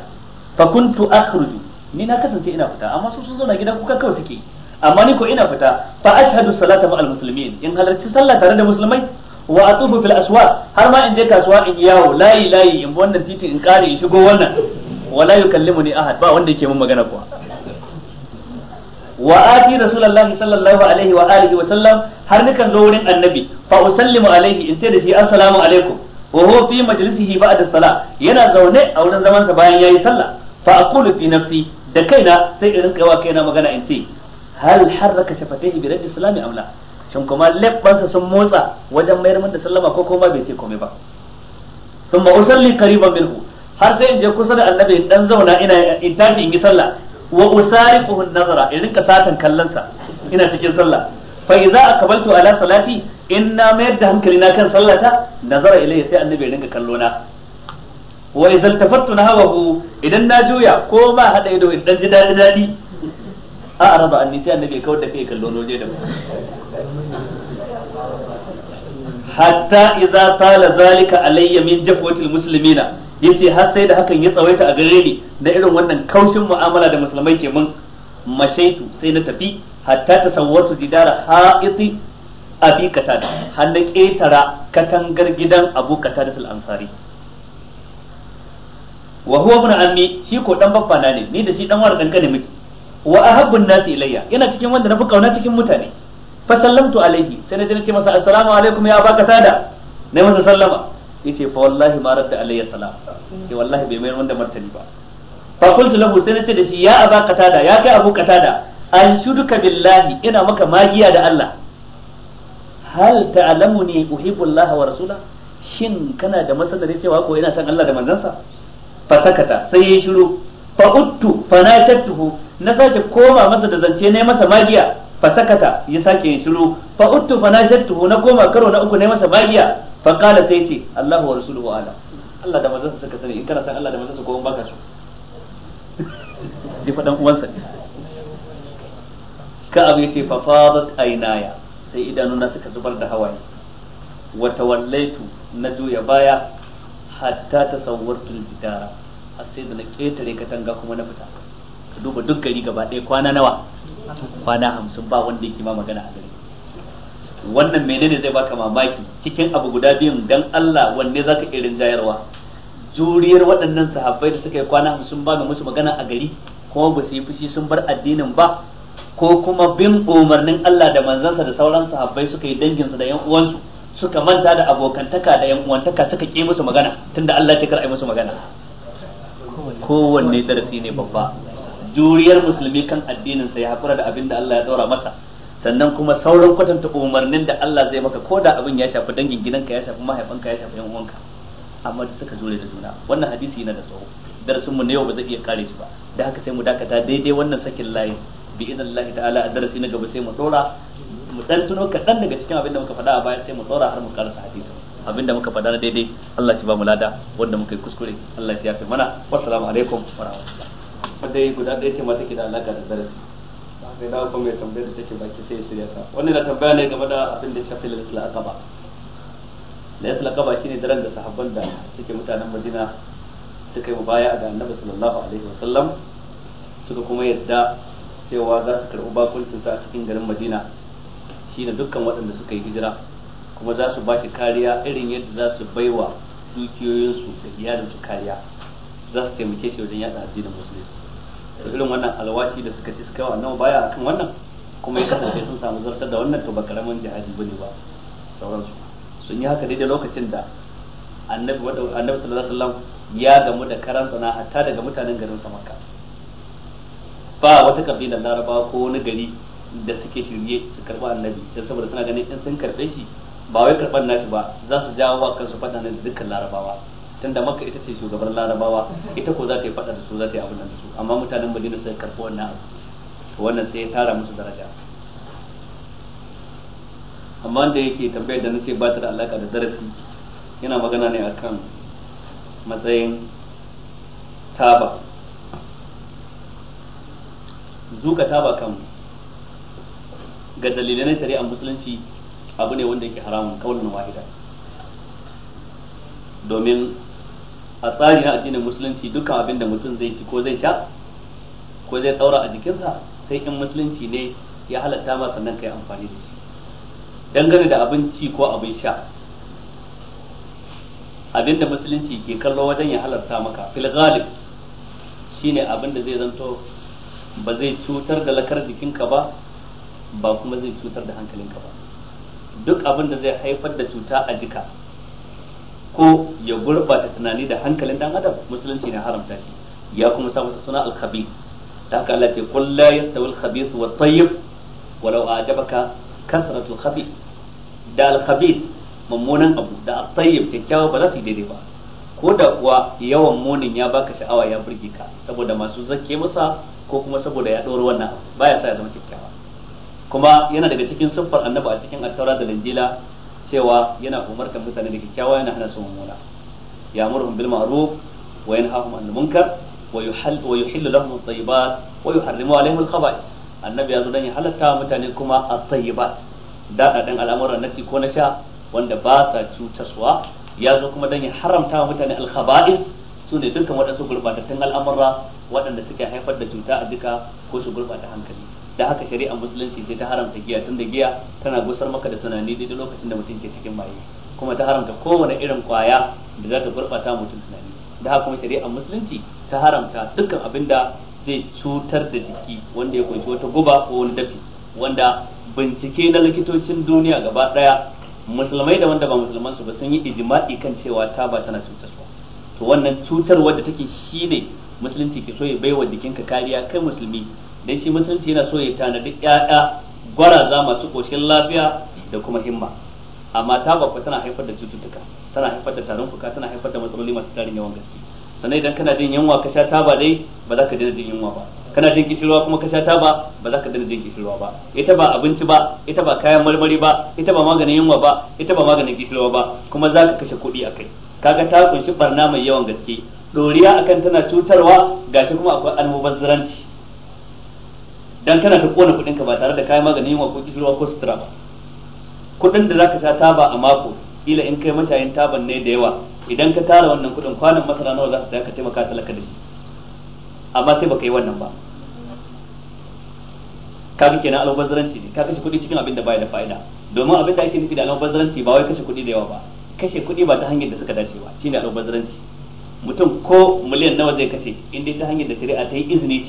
fa kuntu akhruju ni na kasance ina fita amma su sun zauna gidan kuka kawai suke yi amma ni ko ina fita fa ashhadu salata ma'al muslimin in halarci sallah tare da musulmai wa atufu fil aswaq har ma in je kasuwa in yawo layi layi in bi wannan titin in kare in shigo wannan wala yukallimuni ahad ba wanda yake min magana kuwa wa ati rasulullahi sallallahu alaihi wa alihi wa sallam har nikan zo wurin annabi fa usallimu alaihi in sai da shi assalamu alaikum wa huwa fi majlisihi ba'da salah yana zaune a wurin zaman sa bayan yayi sallah fa aqulu fi nafsi da kaina sai in rinka kaina magana in ce hal harraka shafataihi bi raddi salami aw la shin kuma labbansa sun motsa wajen mayar min da sallama ko kuma bai ce komai ba thumma usalli qariban minhu har sai in je kusa da annabi in dan zauna ina in tashi in yi sallah wa usariquhu nazara in rinka satan sa ina cikin sallah fa idza aqbaltu ala salati inna mayar da hankali na kan sallata nazara ilai sai annabi ya rinka kallo na wa idza iltafattu nahwahu idan na juya ko ba hada ido in dan ji dadi daɗi. a araba anni sai annabi kawai da kai kallo waje da hatta idza tala zalika alayya min jafwatil muslimina yace har sai da hakan ya tsawaita a gare ni da irin wannan kaushin mu'amala da musulmai ke mun mashaitu sai na tafi hatta ta sawwatu jidara ha'iti abi katada har ketara katangar gidan abu katada sul ansari wa huwa ibn ammi shi ko dan babba na ne ni da shi dan war kankane miki wa ahabbu an-nas ilayya yana cikin wanda nafi kauna cikin mutane fa sallamtu alaihi sai na je ce masa assalamu alaikum ya baka sada nayi masa sallama yace fa wallahi ma radda alayya salam sai wallahi bai mai wanda martani ba fa qultu lahu sai na ce da shi ya abaka tada ya kai abu katada an shuduka billahi ina maka magiya da Allah hal ta'lamu ni uhibbu Allah wa rasula shin kana da masanari cewa ko ina son Allah da manzansa fa sakata sai ya shiru fa uttu fa nashattuhu na sake koma masa da zance ne masa magiya fa sakata ya sake yin shiru fa uttu fa najattuhu na koma karo na uku ne masa magiya fa qala sai ce Allahu wa rasuluhu ala Allah da manzon suka sani in kana san Allah da manzon su ko in baka su ji fadan uwansa ka abu yace fa fadat aynaya sai idanuna suka zubar da hawaye wa tawallaitu na juya baya hatta tasawwartu al-bidara sai da na ketare katanga kuma na fita duba duk gari gaba ɗaya kwana nawa kwana hamsin ba wanda yake ma magana a gari wannan menene zai baka mamaki cikin abu guda biyun dan Allah wanne zaka irin jayarwa juriyar waɗannan sahabbai da suka yi kwana hamsin ba ga musu magana a gari kuma ba su yi fushi sun bar addinin ba ko kuma bin umarnin Allah da manzansa da sauran sahabbai suka yi danginsu da yan uwansu suka manta da abokantaka da yan uwantaka suka ki musu magana tunda Allah ya kar ai musu magana kowanne darasi ne babba juriyar musulmi kan addinin sa ya hakura da abin da Allah ya daura masa sannan kuma sauran kwatanta umarnin da Allah zai maka ko da abin ya shafi dangin gidanka ya shafi mahaifanka ya shafi yan uwanka amma duk suka jure da juna wannan hadisi yana da tsawo darasin mu na yau ba zai iya kare shi ba da haka sai mu dakata daidai wannan sakin layin bi idan ta'ala a darasi na gaba sai mu tsora mu dan tuno kaɗan daga cikin abin da muka faɗa a baya sai mu tsora har mu karasa hadisi abin da muka faɗa na daidai Allah shi ba mu lada wanda muka yi kuskure Allah shi ya fi mana wassalamu alaikum wa rahmatullahi fadari guda ɗaya ce mata ke da alaka da darasi sai na kuma mai tambayar da take baki sai shirya ta wannan na tambaya ne game da abin da shafi lalatul aqaba lalatul shi shine daren da sahabban da suke mutanen Madina suka yi baya da Annabi sallallahu alaihi wasallam suka kuma yadda cewa za su karɓi bakuncin sa a cikin garin Madina shine dukkan waɗanda suka yi hijira kuma za su ba shi kariya irin yadda za su baiwa dukiyoyinsu da iyalinsu kariya za su taimake shi wajen yada addinin musulunci to irin wannan alwashi da suka ci suka wannan baya akan wannan kuma ya kasance sun samu zartar da wannan to ba karaman jihadi bane ba sauransu sun yi haka daidai lokacin da annabi wanda annabi sallallahu alaihi wasallam ya gamu da karan tsana hatta daga mutanen garin samakka ba wata kabilar larabawa ko wani gari da suke shirye su karba annabi dan saboda suna ganin in sun karbe shi ba wai karban nashi ba za su jawo wa kansu fada ne dukkan larabawa tunda maka ita ce shugaban larabawa ita ko za ta yi fada da su za ta yi abin da su amma mutanen madina sai karfi wannan abu wannan sai ya tara musu daraja amma da yake tambayar da nace ba ta da alaka da darasi yana magana ne akan matsayin taba zuka taba kan ga dalilai na a musulunci abu ne wanda yake haramun kaulan wahida domin a tsari na addinin musulunci dukkan abin da mutum zai ci ko zai sha ko zai tsaura a jikinsa sai in musulunci ne ya halatta ma sannan kai amfani da shi dangane da abinci ko abin sha abin da musulunci ke kallo wajen ya halarta maka fil ghalib shine abin da zai zanto ba zai cutar da lakar jikinka ba ba kuma zai cutar da hankalinka ba duk abin da zai haifar da cuta a jika ko ya gurbata tunani da hankalin dan adam musulunci ne haramta shi ya kuma sa masa suna al-khabith da haka Allah ce qul la yastawi al-khabith wa tayyib a'jabaka kasratu al-khabith da al-khabith mummunan abu da at-tayyib kyakkyawa ba za su daidai ba ko da kuwa yawan munin ya baka sha'awa ya burge ka saboda masu zakke masa ko kuma saboda ya dora wannan baya sa ya zama kyakkyawa kuma yana daga cikin siffar annabi a cikin attaura da linjila cewa yana umartar mutane da kyakkyawa yana hana su mummuna ya'muruhum bil ma'ruf wa yanhahum 'anil munkar wa yuhillu lahum at-tayyibat wa yuharrimu 'alayhim al-khaba'ith annabi yazo dan ya halatta mutane kuma at-tayyibat da dan al'amuran naci ko na sha wanda ba sa cutaswa yazo kuma dan ya haramta mutane al-khaba'ith su ne dukkan waɗansu gurɓatattun al'amura waɗanda suke haifar da cuta a jika ko su gurɓata hankali da haka shari'ar musulunci sai ta haramta giya tun da giya tana gusar maka da tunani daidai lokacin da mutum ke cikin maye kuma ta haramta kowane irin kwaya da za ta gurɓata mutum tunani da haka kuma shari'ar musulunci ta haramta dukkan abin da zai cutar da jiki wanda ya kunshi wata guba ko wani dafi wanda bincike na likitocin duniya gaba ɗaya musulmai da wanda ba musulman su ba sun yi ijma'i kan cewa ta ba tana cutar to wannan cutar wadda take shine musulunci ke so ya baiwa jikinka kariya kai musulmi dai shi mutunci yana so ya tanadi ƴaƴa gwaraza masu koshin lafiya da kuma himma amma ta babba tana haifar da cututtuka tana haifar da tarin fuka tana haifar da matsaloli masu tarin yawan gaske sannan idan kana jin yunwa ka sha taba dai ba za ka daina jin yunwa ba kana jin kishirwa kuma ka sha taba ba za ka daina jin kishirwa ba ita ba abinci ba ita ba kayan marmari ba ita ba maganin yunwa ba ita ba maganin kishirwa ba kuma za ka kashe kuɗi a kai kaga ta kunshi barna mai yawan gaske doriya akan tana cutarwa gashi kuma akwai almubazzaranci dan kana ta kona kudin ka ba tare da kayan maganin yunwa ko kishirwa ko sutura ba kudin da zaka sha taba a mako kila in kai mashayin taban ne da yawa idan ka tara wannan kudin kwanan masara nawa za ka saya ka taimaka talaka da shi amma sai baka yi wannan ba kaga kenan albazaranci ne ka kashe kuɗi cikin abin da bai da fa'ida domin abin da ake nufi da albazaranci ba wai kashe kuɗi da yawa ba kashe kuɗi ba ta hanyar da suka dace ba shine albazaranci mutum ko miliyan nawa zai kashe in dai ta hanyar da shari'a ta yi izini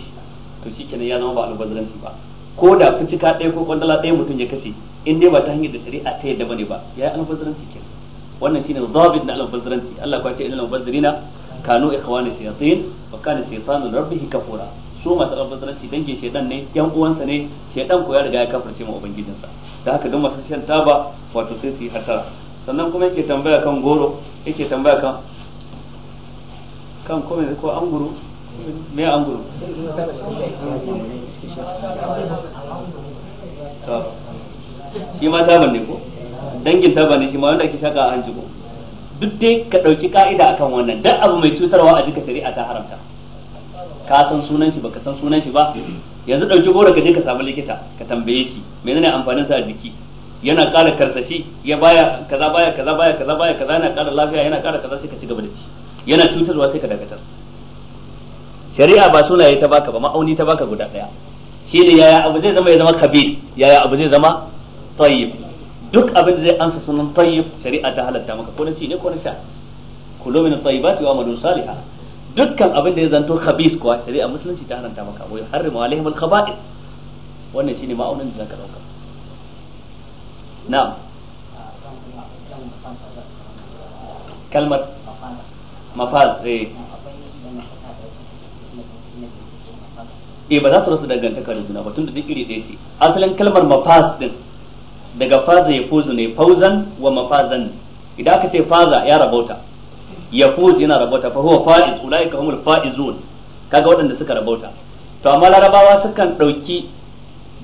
to shi kenan ya zama ba albazaranci ba ko da fitika ɗaya ko kwandala ɗaya mutum ya kashe in dai ba ta hanyar da shari'a ta yadda ne ba ya yi albazaranci kenan wannan shine zabit na albazaranci Allah ya ce innal mubazzirina kanu ikhwana shayatin wa kana shaytanu rabbihi kafura su masu albazaranci dangin shaidan ne yan uwansa ne shaidan ko ya riga ya kafirce ma ubangijinsa da haka don masu shan taba wato sai su yi hasara sannan kuma yake tambaya kan goro yake tambaya kan kan kome ko guru me guru to shi ma taban ne ko dangin taban ne shi ma wanda ake shaka an hanci duk dai ka ɗauki ka'ida akan wannan dan abu mai cutarwa a jika shari'a ta haramta ka san sunan shi baka san sunan shi ba yanzu dauki gora ka je ka samu likita ka tambaye shi menene amfanin sa a jiki yana ƙara karsashi ya baya kaza baya kaza baya kaza baya kaza yana ƙara lafiya yana ƙara kaza sai ka ci gaba da shi yana cutarwa sai ka dakatar shari'a ba sunaye ta baka ba ma'auni ta baka guda daya shine yaya abu zai zama ya zama kabir yaya abu zai zama tayyib duk abin da zai ansa sunan tayyib shari'a ta halatta maka ko na ci ne ko na sha kullu min at-tayyibati wa amalu salihah dukkan abin da ya zanto khabis kuwa shari'a musulunci ta haranta maka wa yuharrimu alaihim al-khaba'ith wannan shine ma'aunin da zaka dauka na'am kalmar mafaz eh eh ba za su rasa dangantaka da juna ba tun da duk iri ɗaya ce asalin kalmar mafaz din daga faza ya fuzu ne fauzan wa mafazan idan aka ce faza ya rabauta ya fuzu yana rabauta fa huwa faiz ulaika humul faizun kaga waɗanda suka rabauta to amma larabawa sukan ɗauki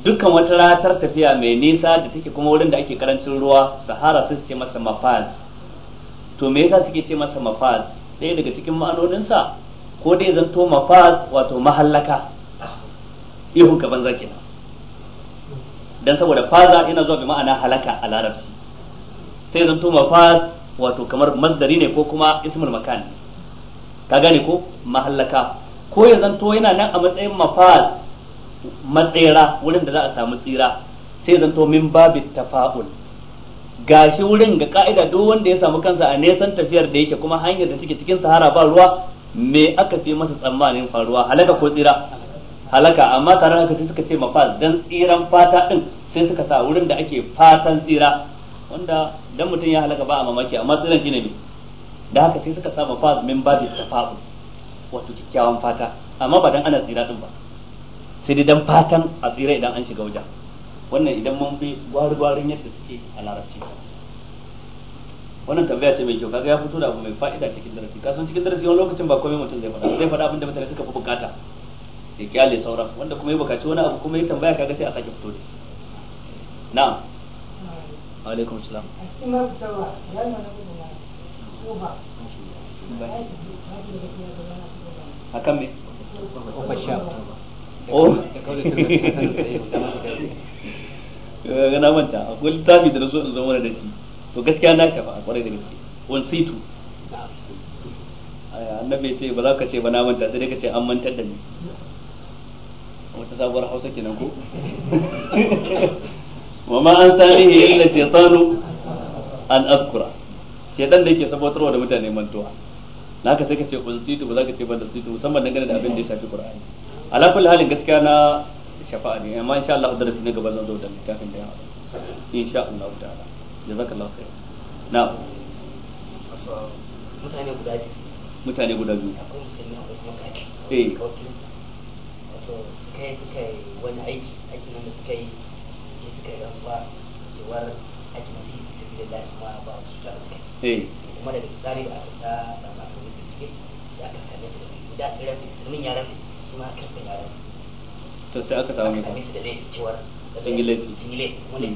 dukkan wata ratar tafiya mai nisa da take kuma wurin da ake karancin ruwa sahara su ce masa mafaz to me yasa suke ce masa mafaz ɗaya daga cikin ma'anoninsa ko dai zanto mafaz wato mahallaka ihun ka banza kenan dan saboda faza yana zuwa bi ma'ana halaka a larabci sai zan to mafaz wato kamar masdari ne ko kuma ismul makan ka gane ko mahallaka ko ya zanto yana nan a matsayin mafaz matsera wurin da za a samu tsira sai zanto min babi tafa'ul gashi wurin ga ka'ida duk wanda ya samu kansa a nesan tafiyar da yake kuma hanyar da take cikin sahara ba ruwa me aka fi masa tsammanin faruwa halaka ko tsira halaka amma tare haka sai suka ce mafaz dan tsiran fata din sai suka sa wurin da ake fatan tsira wanda dan mutum ya halaka ba a mamaki amma tsiran shine ne da haka sai suka sa mafaz min babi tafa'u wato kikkiawan fata amma ba dan ana tsira din ba sai dai dan fatan a tsira idan an shiga wajen wannan idan mun bi gwari-gwarin yadda suke a larabci wannan tambaya ce mai kyau kaga ya fito da abu mai fa'ida cikin darasi kasan cikin darasi wani lokacin ba komai mutum zai faɗa zai faɗa abin da mutane suka fi bukata ya kyale sauran wanda kuma ya bukaci wani abu kuma ya tambaya kaga sai a sake fito da na'am alaikum salam akan me oh. ga na manta akwai littafi da na so in zama da shi to gaskiya na shafa a kwarai da gaske on situ annabi ce ba za ka ce ba na manta sai dai ka ce an mantar da ni wata sabuwar hausa kenan ko wa ma an sanihi illa shaitanu an azkura shaitan da yake sabotarwa da mutane mantuwa na haka sai ka ce ulsitu ba za ka ce ba ulsitu musamman dangane da abin da ya shafi qur'ani ala kulli halin gaskiya na shafa'a ne amma insha Allah darasi ne gaba zan zo da littafin da ya hada insha Allah ta'ala jazakallahu khair na mutane guda biyu mutane guda biyu akwai akwai musulmi kuma eh kai suka yi wani aiki aikin da suka yi sai suka yi rasuwa cewar na fi da suke tafi da lafi ma ba su suka yi eh. kuma daga tsari da aka sa da masu da suke ya aka da su da mai rafi ɗaya musulmin ya rafi su ma aka sa ya rafi to sai aka samu ne da dai cewar sun yi laifi sun yi laifi wani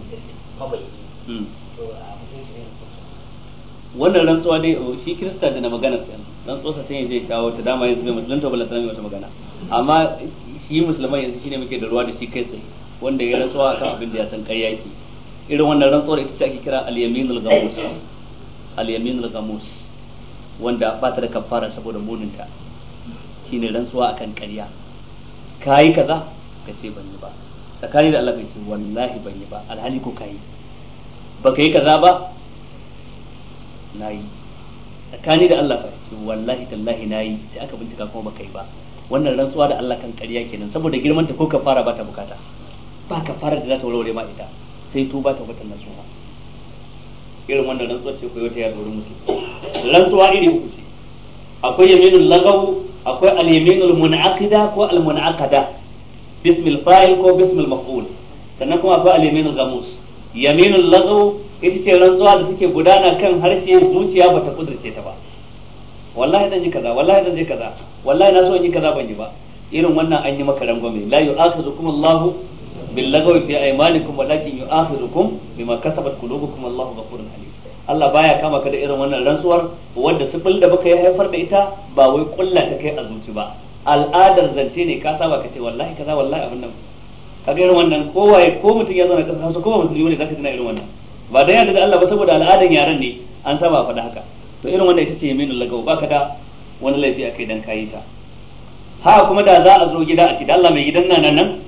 mabayi hmm. to a mutum shi ne wannan rantsuwa dai oh, shi kirista da na magana sai rantsuwa sa sai ya je kawo ta dama yanzu bai musulunta ba lantar mai wata magana amma shi musulman yanzu shine muke da ruwa da shi kai tsaye wanda ya rantsuwa kan abin da ya san kai yake irin wannan rantsuwar ita ce ake kira al-yaminul gamus al-yaminul gamus wanda ba ta da kafara saboda muninta shine rantsuwa akan ƙarya kai kaza ka ce ban yi ba tsakani da Allah kai ce wallahi ban yi ba alhali ko kai ba ka yi kaza ba na yi tsakani da Allah kai ce wallahi tallahi na yi sai aka bincika kuma ba kai ba wannan rantsuwa da Allah kan ƙarya kenan saboda girman ta ko fara ba ta bukata ba ka fara da za ta warware ma ita sai ba ta na nasuha irin wannan rantsuwa ce koyo ta ya dori musu rantsuwa iri uku ce akwai yaminul lagawu akwai al-yaminul munaqida ko al-munaqada bismil fa'il ko bismil maf'ul sannan kuma akwai al-yaminul gamus yaminul lagawu ita ce rantsuwa da take gudana kan harshe zuciya bata kudirce ta ba wallahi zan yi kaza wallahi zan yi kaza wallahi na so in yi kaza ban yi ba irin wannan an yi maka rangwame la yu'akhidhukum Allahu bil lagwi fi aymanikum walakin yu'akhidhukum bima kasabat qulubukum Allahu ghafurun halim Allah baya kama ka da irin wannan rantsuwar wanda sifil da baka ya haifar da ita ba wai kulla ta kai a ba al'adar zance ne ka saba ka ce wallahi kaza wallahi abin nan kaga irin wannan kowaye ko mutum ya zauna kasa ko ba musulmi ne zaka tana irin wannan ba dan yadda da Allah ba saboda al'adan yaran ne an saba faɗa haka to irin wannan ita ce yaminul ba ka da wani laifi akai dan kayi ta ha kuma da za a zo gida a ce da Allah mai gidan nan nan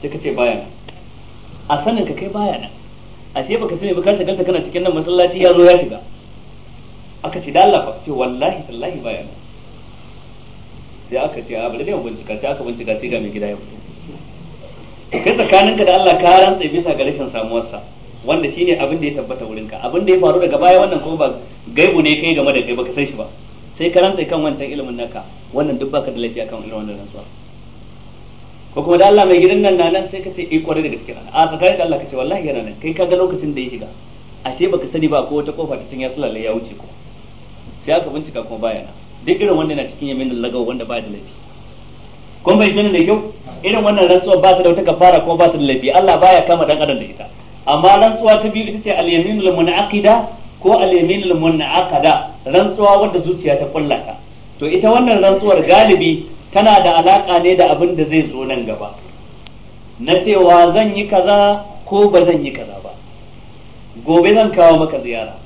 sai ka ce baya a sanin ka kai baya nan ashe baka sani ba ka shagalta kana cikin nan masallaci ya zo ya shiga aka ce da Allah ce wallahi tallahi baya nan sai aka ce a bari ne mun bincika sai aka bincika sai ga mai gida ya fito kai tsakaninka da Allah ka rantsa bisa ga rashin samuwarsa wanda shine abin da ya tabbata wurin ka abin da ya faru daga baya wannan kuma ba gaibu ne kai game da kai baka san shi ba sai ka rantsa kan wancan ilimin naka wannan duk baka da lafiya kan ilimin wannan rantsuwa ko kuma da Allah mai gidan nan nan sai ka ce eh kwarai da gaske a tsakanin da Allah ka ce wallahi yana nan kai ka ga lokacin da ya shiga ashe baka sani ba ko wata kofa ta can ya sulale ya wuce ko sai aka bincika kuma baya na duk irin wanda yana cikin yamin lagawa wanda baya da lafiya. kuma bai sani da kyau irin wannan rantsuwa ba ta da wata kafara kuma ba ta da lafiya Allah baya kama dan adam da ita amma rantsuwa ta biyu ita ce al-yaminul munaqida ko al-yaminul munaqada rantsuwa wadda zuciya ta kullaka to ita wannan rantsuwar galibi tana da alaka ne da abin da zai zo nan gaba na cewa zan yi kaza ko ba zan yi kaza ba gobe zan kawo maka ziyara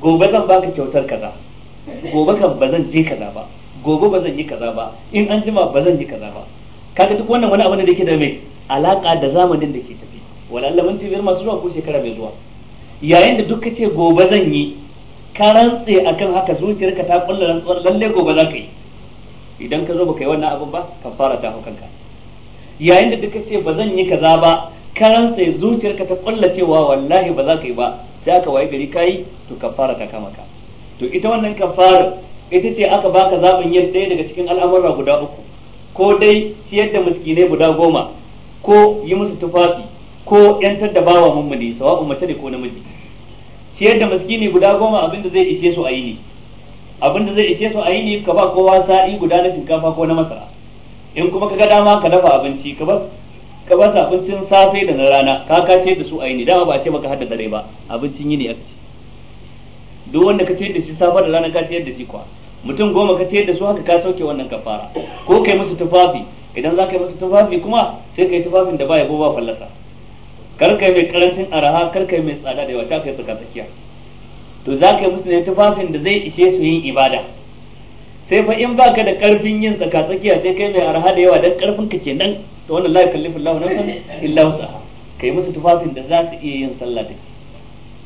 gobe zan baka kyautar kaza gobe kan ba zan je kaza ba gobe ba zan yi kaza ba in an jima ba zan yi kaza ba kaga duk wannan wani abu ne da yake da mai alaka da zamanin da ke ta. Allah mun biyar masu zuwa ko shekara mai zuwa yayin da duk ce gobe zan yi ka rantse akan haka zuciyarka ta kulla rantsuwar lalle gobe za ka yi idan ka zo baka yi wannan abin ba ka fara ta kanka yayin da duk ce ba zan yi kaza ba ka rantse zuciyarka ta kulla cewa wallahi ba za ka yi ba sai aka waye gari kai to ka fara ta kama ka to ita wannan ka fara ita ce aka baka zaɓin yin ɗaya daga cikin al'amura guda uku ko dai ciyar da muskinai guda goma ko yi musu tufafi ko yantar da bawa sawa sawa'un mace ne ko namiji shi yadda miskini guda goma abinda zai ishe su a yini abinda zai ishe su a yini ka ba kowa sa'i guda na shinkafa ko na masara in kuma ka ga dama ka dafa abinci ka ba ka ba abincin safe da na rana ka kace da su a yini dama ba a ce maka har da dare ba abincin yini aka ce duk wanda ka ce da shi safe da rana ka ce da shi kwa mutum goma ka ce da su haka ka sauke wannan kafara ko kai musu tufafi idan za ka yi musu tufafi kuma sai ka yi tufafin da ba ya ba fallasa karka mai karancin araha karka mai tsada da yawa ta kai tsaka tsakiya to za ka yi musu ne tufafin da zai ishe su yin ibada sai fa in ba ka da karfin yin tsaka tsakiya sai kai mai araha da yawa dan karfin ka kenan to wannan la yukallifu Allahu nafsan illa wus'aha kai musu tufafin da za su iya yin sallah da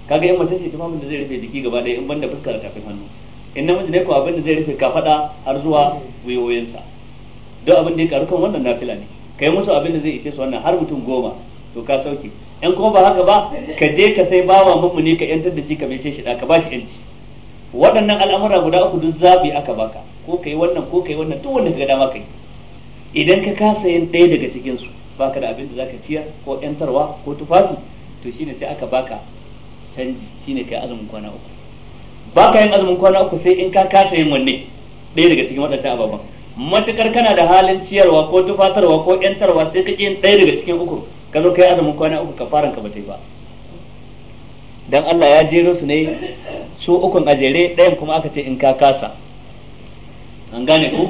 kaga in mutum ce tufafin da zai rufe jiki gaba da in banda fuska da kafin hannu in namiji ne ko abin da zai rufe kafada har zuwa gwiwoyinsa don abin da ya karu kan wannan nafila ne kai musu abin da zai ishe su wannan har mutum goma to ka sauke in kuma ba haka ba ka je ka sai bawa ne ka yantar da shi ka mai shi da ka ba shi yanci waɗannan al'amura guda uku duk zabi aka baka ko ka yi wannan ko ka yi wannan duk wanda ka dama yi idan ka kasa yin ɗaya daga cikin su baka da abin da zaka ciyar ko yantarwa ko tufafi to shine sai aka baka canji shine kai azumin kwana uku baka yin azumin kwana uku sai in ka kasa yin wanne ɗaya daga cikin waɗannan ababen matukar kana da halin ciyarwa ko tufatarwa ko yantarwa sai kake yin ɗaya daga cikin uku ka zo kai azumin kwana uku kafaran ka bata yi ba dan Allah ya jero su ne su ukun ajere ɗayan kuma aka ce in ka kasa an gane ku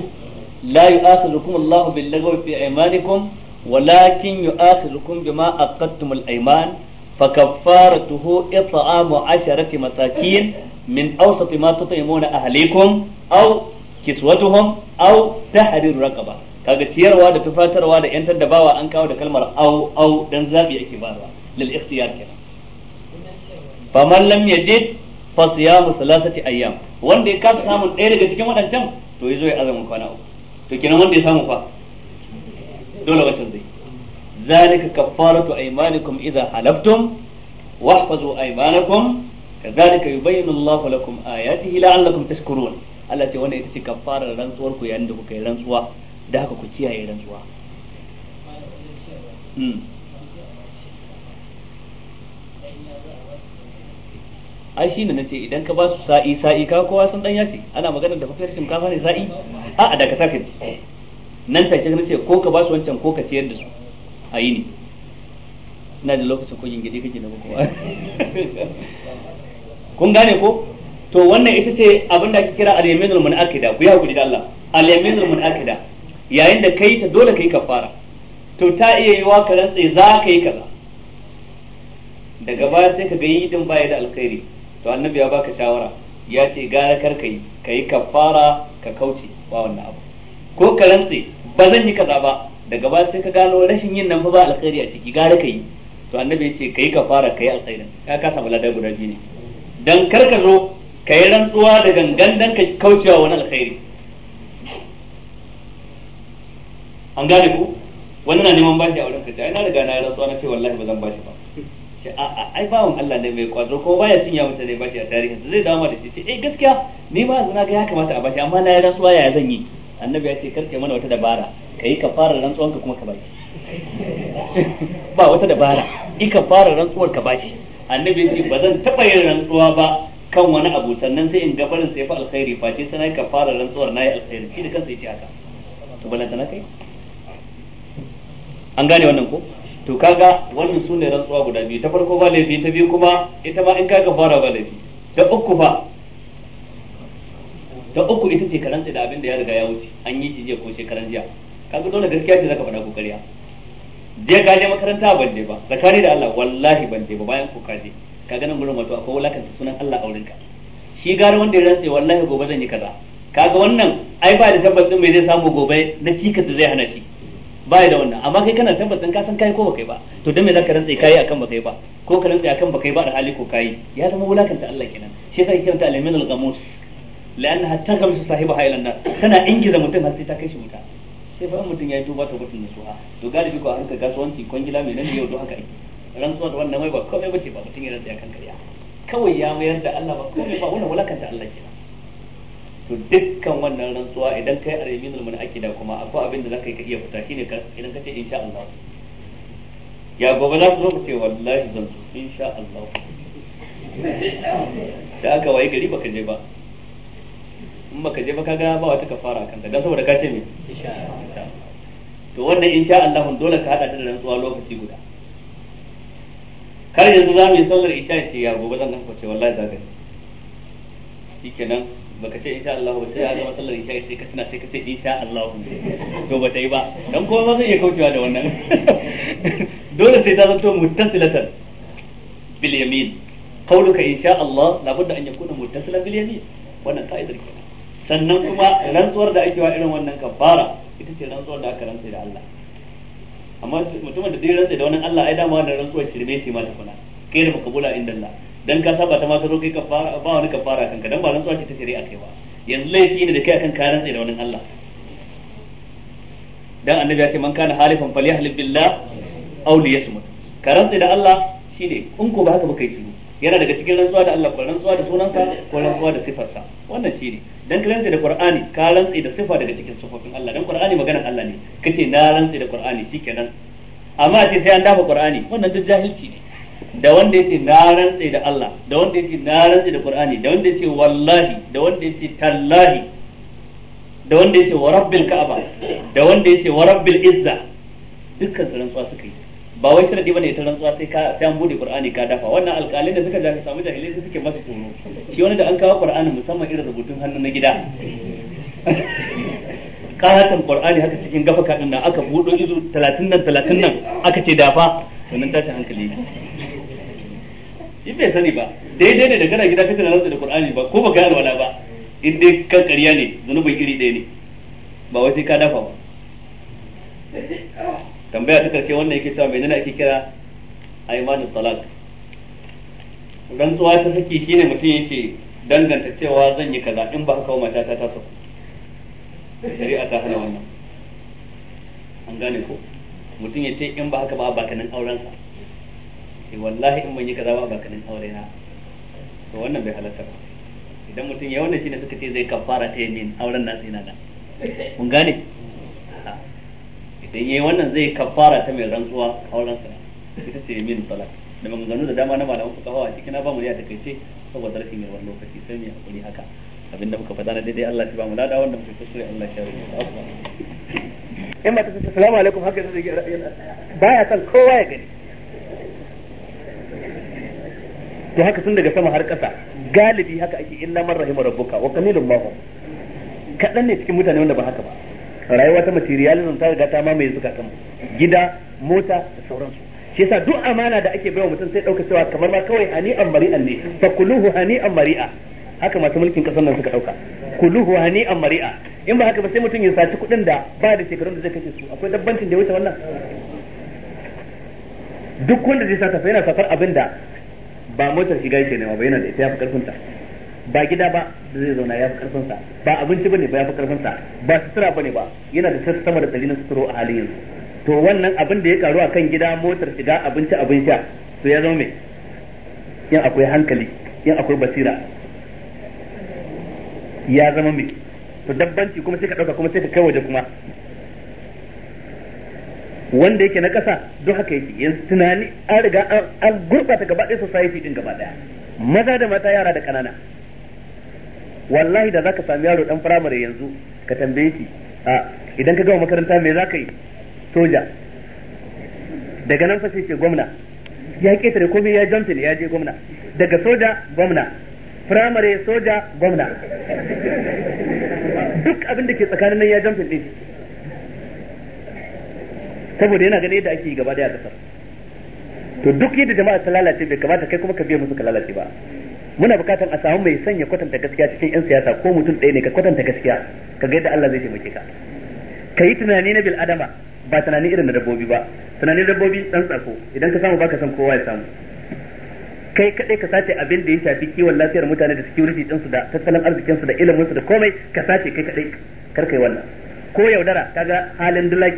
la yu'akhidhukum Allahu bil lagwi fi aymanikum walakin yu'akhidhukum bima aqadtum al ayman فكفارته it'amu عشرة masakin min awsat ma تطعمون ahlikum aw kiswatuhum aw tahrir رقبة kaga ciyarwa da tufatarwa da yantar da bawa an kawo da kalmar au au dan zabi ake bayarwa lil ikhtiyar kenan faman lam yajid fa siyamu thalathati ayyam wanda ya kasa samun ɗaya daga cikin waɗancan to yazo ya azumin kwana uku to kenan wanda ya samu fa dole watan zai zalika kaffaratu aymanikum idza halaftum wahfazu aymanakum kadhalika yubayyinu Allahu lakum ayatihi la'allakum tashkurun Allah ce wannan ita ce kaffarar rantsuwar ku yayin da kuka rantsuwa da haka ku kiyaye rantsuwa hmm. ai na ce idan ka ba su sa'i sa'i ka kowa san dan yace ana magana da fafiyar shinkafa ne sa'i a a da ka nan nan ce nace ko ka ba su wancan ko ka ciyar da su a yi ne ina da lokacin ko gingide kake da kowa kun gane ko to wannan ita ce abin da ake kira al-yaminul munakida ku yi hakuri da Allah al-yaminul munakida yayin da kai ta dole kai kafara to ta iya yi wa ka tsaye za ka yi kaza daga baya sai ka gani yi din baya da alkhairi to annabi ya baka shawara ya ce gara kar ka yi ka yi kafara ka kauce wa wannan abu ko ka rantse ba zan yi kaza ba daga baya sai ka gano rashin yin nan fa ba alkhairi a ciki gara ka yi to annabi ya ce ka yi kafara ka yi alkhairin ka ka samu ladai guda biyu ne dan kar ka zo ka yi rantsuwa da gangan dan ka kauce wa wani alkhairi an gane ku wani na neman bashi a wurin ka ai na riga na rantsuwa na ce wallahi ba zan bashi ba ce a a ai bawon Allah ne mai kwazo ko baya cin mutane ne bashi a tarihin zai dawo da shi ce eh gaskiya ni ma yanzu na ga ya kamata a bashi amma na yi rantsuwa ya zan yi annabi ya ce karke mana wata dabara kai ka fara rantsuwan ka kuma ka bashi ba wata dabara i ka fara rantsuwar ka bashi annabi ya ce ba zan taba yin rantsuwa ba kan wani abu sannan sai in ga barin sai fa alkhairi face sai na ka fara rantsuwar na yi alkhairi shi da kansa ya ce haka to balantana kai an gane wannan ko to kaga wannan sune rantsuwa guda biyu ta farko ba laifi ta biyu kuma ita ma in kaga fara ba laifi ta uku fa ta uku ita ce karanta da abin da ya riga ya wuce an yi jiya ko shekaran jiya kaga dole gaskiya ce zaka faɗa ko ƙarya je ka je makaranta ban je ba tsakani da Allah wallahi ban je ba bayan ko kaje kaga nan gurin wato akwai wulakanta sunan Allah a wurinka shi gara wanda ya rantsa wallahi gobe zan yi kaza kaga wannan ai ba da tabbacin me zai samu gobe na kika zai hana shi ba da wannan amma kai kana tabbas in ka san kai ko ba kai ba to dan me zaka rantsa kai akan ba kai ba ko ka rantsa akan ba kai ba da hali ko kai ya zama wulakanta Allah kenan shi yasa yake kiranta al al-ghamus la'anna hatta gamsu sahiba ila nar kana ingiza mutum har sai ta kai shi wuta sai fa mutum ya tuba ta gutun nasuha to galibi ko a harkar kon kwangila mai nan yau don haka ake rantsuwa da wannan mai ba komai bace ba mutum ya rantsa akan kariya kawai ya mayar da Allah ba komai ba wannan wulakanta Allah kenan to dukkan wannan rantsuwa idan kai al ake da kuma akwai abin da zaka iya fita shine idan kace insha Allah ya gobe za ku zo ku ce wallahi zan su insha Allah da aka waye gari baka je ba in baka je ba kaga ba wata kafara kanta dan saboda ka ce me insha Allah to wannan insha Allah dole ka hada da rantsuwa lokaci guda kar yanzu za mu yi sallar isha ce ya gobe zan ganka ce wallahi za ka shikenan baka ce insha Allah sai ya zama sallar isha sai ka tana sai ka ce insha Allah to ba ta yi ba dan kuma ba zai iya kaucewa da wannan dole sai ta zanto muttasilatan bil yamin qauluka insha Allah labudda an yakuna muttasilan bil yamin wannan ka'idar kenan sannan kuma rantsuwar da ake wa irin wannan kafara ita ce rantsuwar da aka rantsa da Allah amma mutumin da dai rantsa da wannan Allah ai dama da rantsuwar shirme shi ma tukuna kai da makabula inda Allah dan ka saba ta ma ka zo kafara ba wani kafara kanka dan ba nan tsaci ta shari'a kai ba yanzu laifi ne da kai akan karan tsaye da wani Allah dan annabi ya ce man kana halifan falyahlib billah aw liyasmut karan tsaye da Allah shine in ko ba haka ba kai shiru yana daga cikin rantsuwa da Allah ko rantsuwa da sunanka ko rantsuwa da sifarsa wannan shine dan ka rantsa da Qur'ani ka rantsa da sifa daga cikin sifofin Allah dan Qur'ani maganar Allah ne kace na rantsa da Qur'ani shikenan amma ce sai an dafa Qur'ani wannan duk jahilci ne da wanda yake na rantsa da Allah da wanda yake na rantsa da Qur'ani da wanda yake wallahi da wanda yake tallahi da wanda yake wa rabbil ka'aba da wanda yake wa rabbil izza dukkan su rantsuwa suka yi ba wai sharadi bane ta rantsuwa sai ka sai an bude Qur'ani ka dafa wannan alƙalin da suka jaka samu jahilai su suke masa tsoro shi wani da an kawo Qur'ani musamman irin rubutun hannu na gida katon Qur'ani haka cikin gafaka din nan aka budo izu 30 nan 30 nan aka ce dafa sannan tashin hankali in bai sani ba daidai ne da kana gida kace lalata da Qur'ani ba ko baka yi alwala ba in dai kan ƙarya ne zanubin iri ɗaya ne ba wai sai ka dafa ba tambaya ta karshe wannan yake cewa menene ake kira aymanu talak rantsuwa ta saki shine mutum yake danganta cewa zan yi kaza in ba haka wa mata ta saku shari'a ta hana wannan an gane ko mutum ya ce in ba haka ba ba kanin aurensa sai wallahi in ban yi kaza ba bakanin aure na to wannan bai halatta ba idan mutum ya wannan shine suka ce zai kafara ta yin auren nasa yana nan mun gane idan yayi wannan zai kafara ta mai rantsuwa auren sa ita ce min talak da mun maganganu da dama na malaman fuka hawa cikin na ba mu ya take ce saboda rashin yawan lokaci sai mu hakuri haka abinda muka faɗa na daidai Allah ya ba mu lada wanda muke kuskure Allah ya rubuta in mata ta salamu alaikum haka zai baya san kowa ya gani da haka sun daga sama har ƙasa galibi haka ake inna man rahima rabbuka wa qalilun ma hum kadan ne cikin mutane wanda ba haka ba rayuwa ta materialism ta riga ta mamaye kan gida mota da sauransu shi yasa duk amana da ake baiwa mutum sai dauka cewa kamar ma kawai an mari'an ne fa kuluhu an mari'a haka masu mulkin kasar nan suka dauka kuluhu an mari'a in ba haka ba sai mutum ya saci kuɗin da ba da shekarun da zai kashe su akwai dabbancin da ya wuce wannan duk wanda zai tafiya yana safar abin da ba motar shiga yake nema ba yana da ita ya fi karfin ta ba gida ba zai zauna ya fi karfin sa ba abinci bane ba ya fi karfin sa ba sutura bane ba yana da sama da dalilin suturo a halin yanzu to wannan abin da ya karu a kan gida motar shiga abinci abin sha to ya zama me in akwai hankali in akwai basira ya zama me to dabbanci kuma sai ka dauka kuma sai ka kai waje kuma wanda yake na ƙasa duk haka yake yanzu tunani an riga an gurɓata gaba ɗaya society din gaba ɗaya maza da mata yara da ƙanana wallahi da zaka sami yaro dan firamare yanzu ka tambaye shi a idan ka gama makaranta me zaka yi soja daga nan fa sai ce gwamna ya ketare komai ya jamfin ya je gwamna daga soja gwamna firamare soja gwamna duk abin da ke tsakanin nan ya jamfin ne saboda yana ganin yadda ake gaba daya a kasar to duk yadda jama'a ta lalace bai kamata kai kuma ka biya musu ka lalace ba muna bukatan a samu mai sanya kwatanta gaskiya cikin yan siyasa ko mutum ɗaya ne ka kwatanta gaskiya ka ga yadda Allah zai taimake ka ka yi tunani na bil adama ba tunani irin na dabbobi ba tunanin dabbobi dan tsako idan ka samu baka san kowa ya samu kai kadai ka sace abin da ya shafi kiwon lafiyar mutane da security din su da tattalin arzikin su da ilimin su da komai ka sace kai kadai kar kai wannan ko yaudara kaga halin dula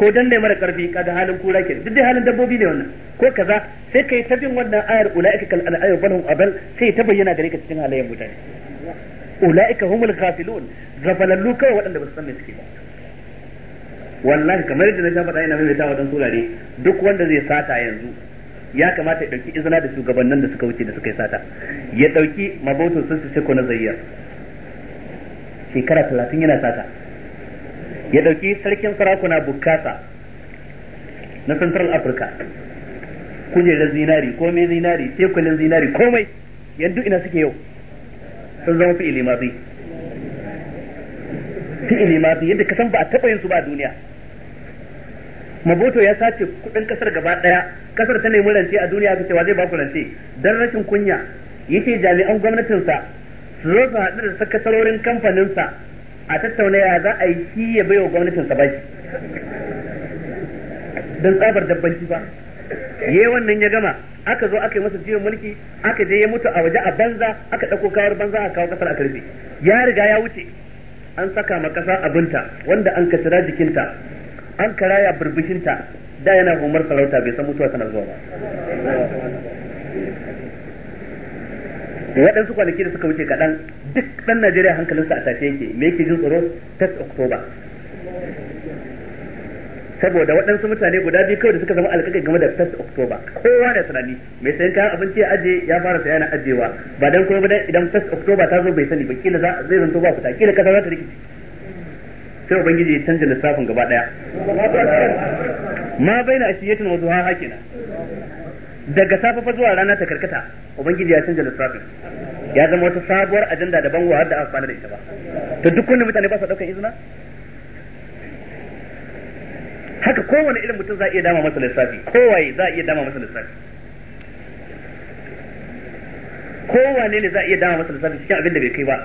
ko danne mara karfi ga halin kura ke duk dai halin dabbobi ne wannan ko kaza sai kai ta bin wannan ayar ulaika kal al'ayr balhum abal sai ta bayyana gare ka cikin halayen mutane ulaika humul ghafilun zabalallu kawai waɗanda ba su san me suke ba wallahi kamar yadda na faɗa ina mai tawa dan turare duk wanda zai sata yanzu ya kamata ya dauki izina da shugabannin da suka wuce da suka yi sata ya dauki mabotin sun su ce ko na zayyar shekara talatin yana sata ya dauki sarkin sarakuna bukasa na central africa kujerar zinari komai zinari tekulin zinari komai yadda ina suke yau sun zama fi'ili mafi fi'ili mafi yadda kasan ba a taɓa yin su ba a duniya maboto ya sace kudin kasar gaba daya kasar ta nemi rance a duniya ta cewa zai ba ku rance dan rashin kunya yace jami'an gwamnatinsa su zo su haɗu da sakatarorin kamfaninsa a tattauna ya za a yi shi ya baiwa gwamnatin sa bashi don tsabar dabbanci ba yayi wannan ya gama aka zo aka yi masa jiyan mulki aka je ya mutu a waje a banza aka ɗauko kawar banza a kawo kasar a karbe ya riga ya wuce an saka ma kasa abinta wanda an kasira jikinta an karaya burbushinta da yana umar sarauta bai san mutuwa tana zuwa ba waɗansu kwanaki da suka wuce kaɗan duk dan Najeriya hankalinsa a tashe yake me yake jin tsoro 3 Oktoba saboda waɗansu mutane guda biyu kawai da suka zama alƙaƙa game da 3 Oktoba kowa da tunani mai sayan kayan abinci a aje ya fara saya na ajewa ba dan kuma dan idan 3 Oktoba ta zo bai sani ba kila za zai zanto ba fita kila kasa za ta rikici sai ubangiji ya canza lissafin gaba daya ma baina ashiyatin wa duha hakina daga safe fa zuwa rana ta karkata ubangiji ya canza lissafi ya zama wata sabuwar ajanda daban wa da aka fara da ita ba to duk wanda mutane ba su daukan izina haka kowane irin mutum za a iya dama masa lissafi kowaye za a iya dama masa lissafi kowane ne za a iya dama masa lissafi cikin abin da bai kai ba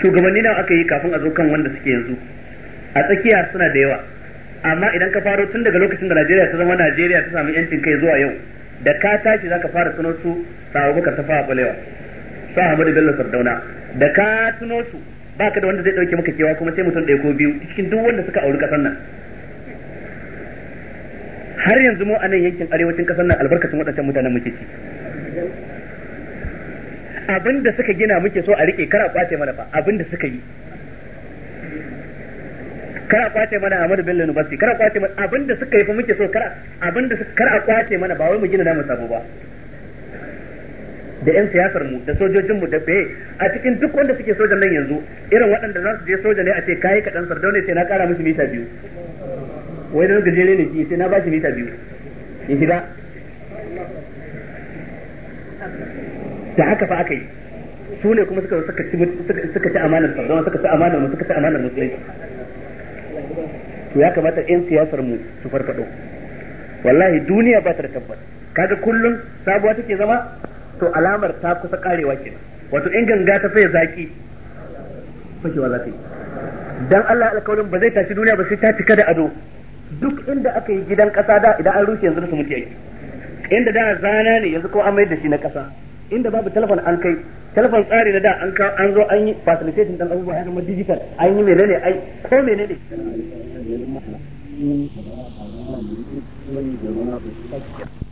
shugabanni nawa aka yi kafin a zo kan wanda suke yanzu a tsakiya suna da yawa amma idan ka faro tun daga lokacin da Najeriya ta zama Najeriya ta samu yancin kai zuwa yau da ka tashi zaka fara tuno su sa Abubakar Tafawa Balewa sa Ahmadu Bello Sardauna da ka tuno su baka da wanda zai dauke maka kewa kuma sai mutum ɗaya ko biyu cikin duk wanda suka auri kasar nan har yanzu mu a nan yankin arewacin kasar nan albarkacin waɗancan mutanen muke ci abinda suka gina muke so a rike kara kwace mana fa abinda suka yi kar a kwace mana Ahmad bin Lunubasi kar a kwace mana abinda suka yi fa muke so kar abinda kar a kwace mana ba wai mu gina namu sabo ba da yan siyasar mu da sojojin mu da bai a cikin duk wanda suke sojan nan yanzu irin waɗanda za su je soja ne a ce kai ka dan sardaune sai na kara musu mita biyu wai dan gajere ne ki sai na shi mita biyu in ba. da haka fa akai su ne kuma suka suka ci amanar sardauna suka ci amanar mu suka ci amanar musulunci to ya kamata yan siyasar mu su farfado wallahi duniya ba ta da tabbas kaga kullum sabuwa take zama to alamar ta kusa karewa kenan wato in ganga ta sai zaki fashewa za ta yi dan Allah alƙawarin ba zai tashi duniya ba sai ta cika da ado duk inda aka yi gidan kasa da idan an rushe yanzu da su muke inda da zana ne yanzu ko an mai da shi na kasa inda babu telefon an kai telefon tsari na da an ka an zo an yi facilitating dan abubuwa ya zama digital an yi menene ai ko menene Thank you.